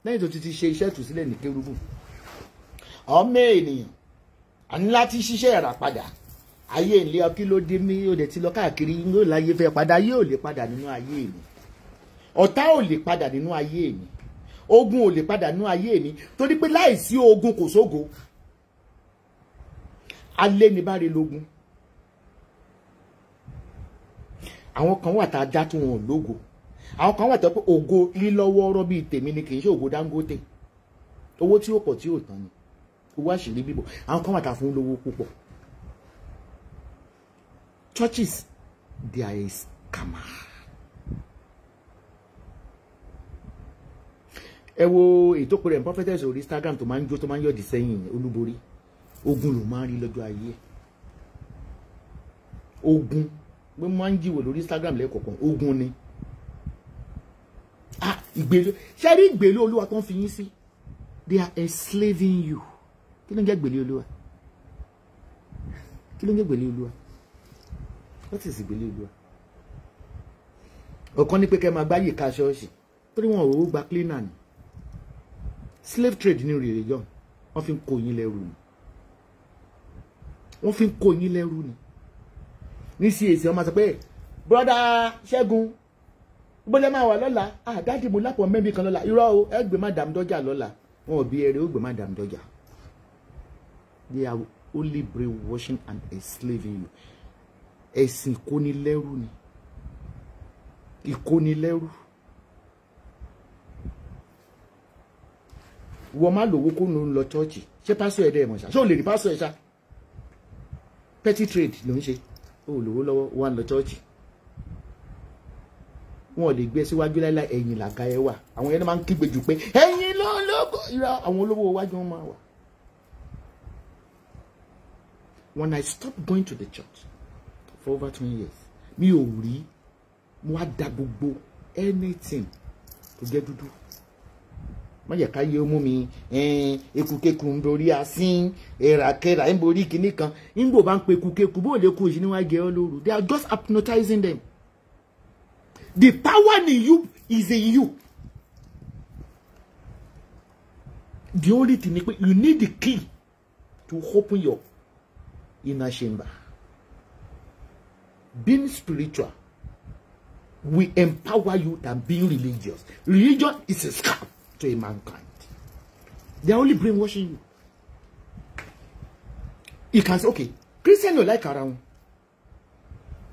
lẹ́yìn tó ti ti ṣe iṣẹ́ tù sílẹ̀ ní kérúbù ọmọ ènìyàn a ní láti ṣiṣẹ́ ìràpadà ayé ilé ọkí ló dé mí ó dẹ̀ ti lọ káàkiri yóò láyé fẹ́ padà ayé ò lè padà nínú ayé mi ọ̀tá ò lè padà nínú ayé mi ogun ò lè padà nínú ayé mi torí pé láìsí ogun kò sógo alẹ́ ní bá rí lógun àwọn kan wà tá a dá tí wọn ò lógo àwọn kan wà tó pé ògo lílọ́wọ́ ọ̀rọ̀ tèmi ni kì í ṣe ògo Dangote owó tí ó pọ̀ tí ò tán ni owó àṣírí bíbọ̀ àwọn kan wà tá a fún lówó púpọ̀ churches there is kama. ẹ wo ètò pẹ̀lú ẹ̀ prophetess orí Instagram tó máa ń jó tó máa ń yọ̀dí sẹ́yìn olúborí ogun ló máa ń rí lọ́jọ́ ayé ogun pé mo máa ń jìwò lórí Instagram lẹ́ẹ̀kọ̀ọ̀kan ogun ni ah ìgbèlú ṣe ìgbèlú olúwa tó ń fi yín sí they are enslaving you kí ló ń jẹ́ ìgbèlú olúwa kí ló ń jẹ́ ìgbèlú olúwa what is ìgbèlú olúwa ọ̀kan ní pé kẹ́ máa gbáyè ká ṣọ́ọ̀ṣì torí wọn ò rówó gba cleaner ni slave trade ní religion wọ́n fi ń kó yín lẹ́rú ni wọ́n fi ń kó yín lẹ́rú ni ní CAC wọ́n máa sọ pé broda Ṣẹ́gun bóyá máa wà lọ́la àdáàdì ah, mo lápò mẹ́bí kan lọ́la irọ́ o ẹ gbé madam dọ́jà lọ́la wọn ò bí ẹrẹ ó gbé madam dọ́jà they are only brainwashing and enslaving you ẹ̀sìn ìkónilẹ́rú ni ìkónilẹ́rú wọ́n má lówó kó ló ń lọ chọ́ọ̀chì ṣé pásọ̀ ẹ̀dẹ̀ ẹ̀mọ̀ṣá ṣé ò lè rí pásọ̀ ẹ̀ṣá petty trade ló ń ṣe ó lọ́wọ́ wà lọ chọ́ọ̀chì wọn ò lè gbé síwájú láíláí ẹ̀yìn làgá ẹ wà àwọn yẹn máa ń kígbe jù pé ẹ̀yìn ló lóko ìra àwọn olówó iwájú wọn máa wà. When I stopped going to the church for over twenty years mi ò rí mo wá da gbogbo anything tó jẹ́ dúdú má yẹ ká yé ó mú mi ekukeku ń borí asín erakera ń borí kinní kan nígbò bá ń pe ekukeku bó lè kú yìí níwájú ẹ lóru they are just hypnotizing them the power in you is in you the only thing ni pé you need the key to open your inner chamber being spiritual will empower you than being religious religion is a scam betray mankind. They are only brainwashing you. You can say, okay, Christian no like around.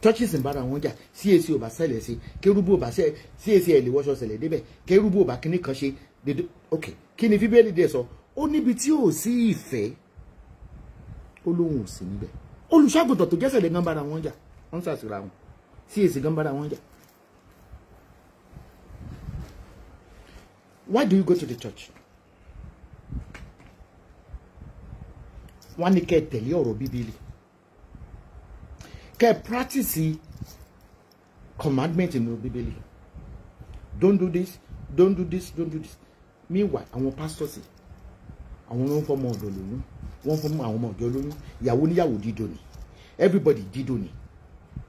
Churches in bára wọn jà CAC ò bá see, Kerubu kérúbù ò bá ṣẹlẹ̀ CAC the lè wọ́ṣọ ṣẹlẹ̀ débẹ̀ kérúbù ò bá kíní kan ṣe dédé ok kí ni bíbélì dẹ̀ sọ ó níbi tí ò sí ìfẹ́ ó lóhùn sí níbẹ̀ olùṣàgùtàn tó jẹ́sẹ̀ lè gan bára wọn jà wọ́n ń ṣàṣìra wọn why do you go to the church? wọ́n ní kẹ́ ẹ tẹ̀lé ọ̀rọ̀ bíbélì kẹ́ ẹ practice commandment nínú bíbélì don't do this don't do this don't do this meanwhile àwọn pastors àwọn ló ń fọmọ ọ̀dọ̀ lóyún wọ́n ń fọmọ àwọn ọmọ ọ̀dọ̀ lóyún ìyàwó níyàwó dídò ni everybody dídò ni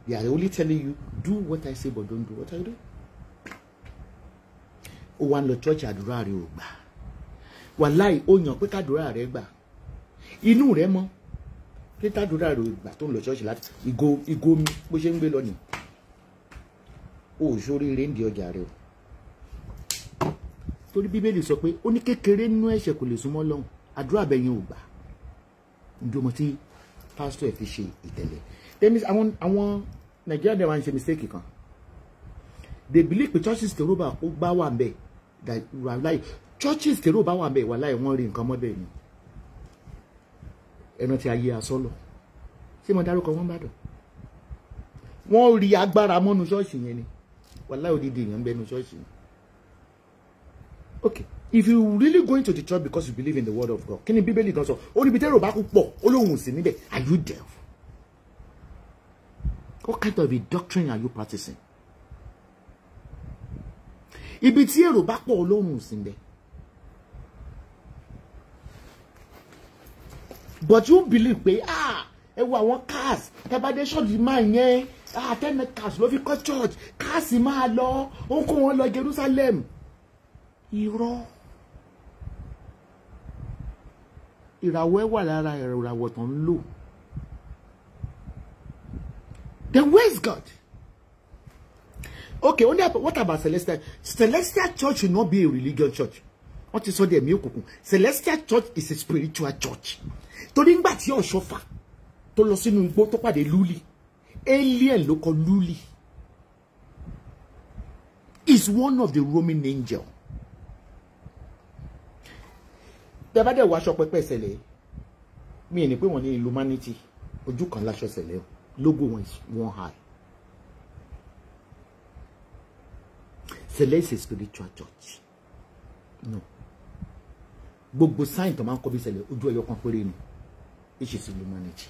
they are only telling you do what I say but don't do what I do ó wá ń lọ church àdúrà rẹ ò gbà wàláì ó yàn pé kádùrà rẹ gbà inú rẹ mọ́ pé kádùrà rẹ ò gbà tó ń lọ church láti ìgò ìgò mi bó ṣe ń gbé lọ nì ó sórí rédíò ọjà rẹ o torí bíbélì sọ pé ó ní kékeré nínú ẹ̀ṣẹ̀ kò lè súnmọ́ lọ́hùn àdúrà bẹ̀yìn ò gbà ndúmọ̀ tí pásítọ̀ ẹ̀ fi ṣe ìtẹ̀lẹ̀ that àwọn àwọn Nàìjíríà dẹ̀ ń ṣe mistake kan they believe pé churches tó rọ́bà ó gbá wà ń wàláì churches tèrò bá wà ń bẹ̀ wàláì wọ́n rí nǹkan mọ́bẹ̀ ni ẹran ti ayé asọ́lọ̀ ṣé mo dárúkọ wọn bàdàn wọ́n rí agbára mọ́nu ṣọ́ọ̀ṣì yẹn ni wàláì odidi èèyàn ń bẹnu ṣọ́ọ̀ṣì yẹn okay if you really go into the church because you believe in the word of God kí ni bíbélì kan sọ olùbítẹ́rò bá kú pọ̀ olóhùn sí níbẹ̀ are you devil what kind of a doctrine are you practicing? ibi tí èrò bá pọ̀ Ọlọ́run ò but you believe pé ah ẹ wo àwọn cars ẹ bá dé ṣọ́ọ̀dì máa yẹn ah ten cars ló fi kọ́ church cars máa lọ ó ń kó wọn lọ Jerusalem irọ́ ìràwọ̀ ẹ wà lára ìràwọ̀ tó ń lò then where is God? okay only what about celestial celestial church should not be a religious church wọ́n ti sọ di ẹ̀mí òkùnkùn celestial church is a spiritual church torí ńgbà tí ọ̀ṣọ́fà tó lọ sínú igbó tó pàdé lúlì alien ló kọ lúlì is one of the Roman angel tẹ bá dẹ̀ wọ aṣọ pẹpẹ ìṣẹ̀lẹ̀ mi ì ní pé wọ́n ní illuminati ojú kan láṣọ ìṣẹ̀lẹ̀ logo wọn is one eye Celeste is a spiritual church. No. Gbogbo sign to máa ń kọ́ bí Celeste ojú ẹyọ kan péré ni. It is humanity.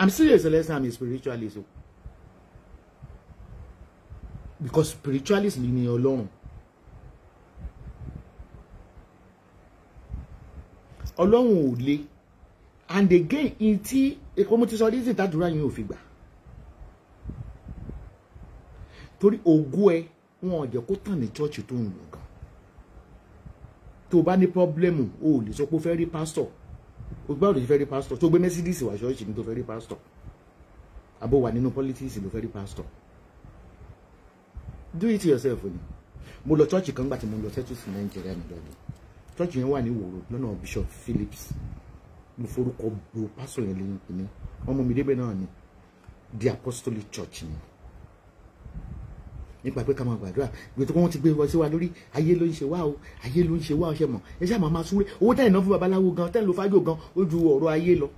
I'm serious Celeste I'm a spiritualist Because spiritualist ni Ọlọ́run. Ọlọ́run ò le and again in tí èkó mo ti sọ reason tàdúrà yín ò fi gbà torí ògo ẹ wọn ò jẹ́ kó tàn ní chọ́ọ̀chì tó ń lò gan tó bá ní pọ́blẹ́mù o ò lè sọ pé o fẹ́ rí pásítọ̀ o gbá òdòdó fẹ́ rí pásítọ̀ tó gbé mẹ́sídíìsì wá ṣọ́ọ̀ṣì ní tó fẹ́ rí pásítọ̀ àbó wà nínú pọ́lítíìsì ló fẹ́ rí pásítọ̀ do it yourself ni mo lọ chọ́ọ̀chì kan gbà tí mo lọ sẹ́tù sí nàìjíríà nìlọ́dún chọ́ọ̀chì yẹn wà ní ìwòrò lọ́nà Bishop Phillips mo forúkọ bo pásítọ̀ yẹn lẹ́yìn kìíní ọmọ mi débẹ̀ náà ni the Apostolic Church ni nípa pé ká máa gbàdúrà gbèsè wọn ti gbé wọn sí wa lórí ayé ló ń ṣe wá o ayé ló ń ṣe wá o ṣe ẹ ṣáà máa máa súré owó tẹ̀ ẹ̀ náà fún babaláwo gan tẹ̀ ló fájò gan ó ju ọ̀rọ̀ ayé lọ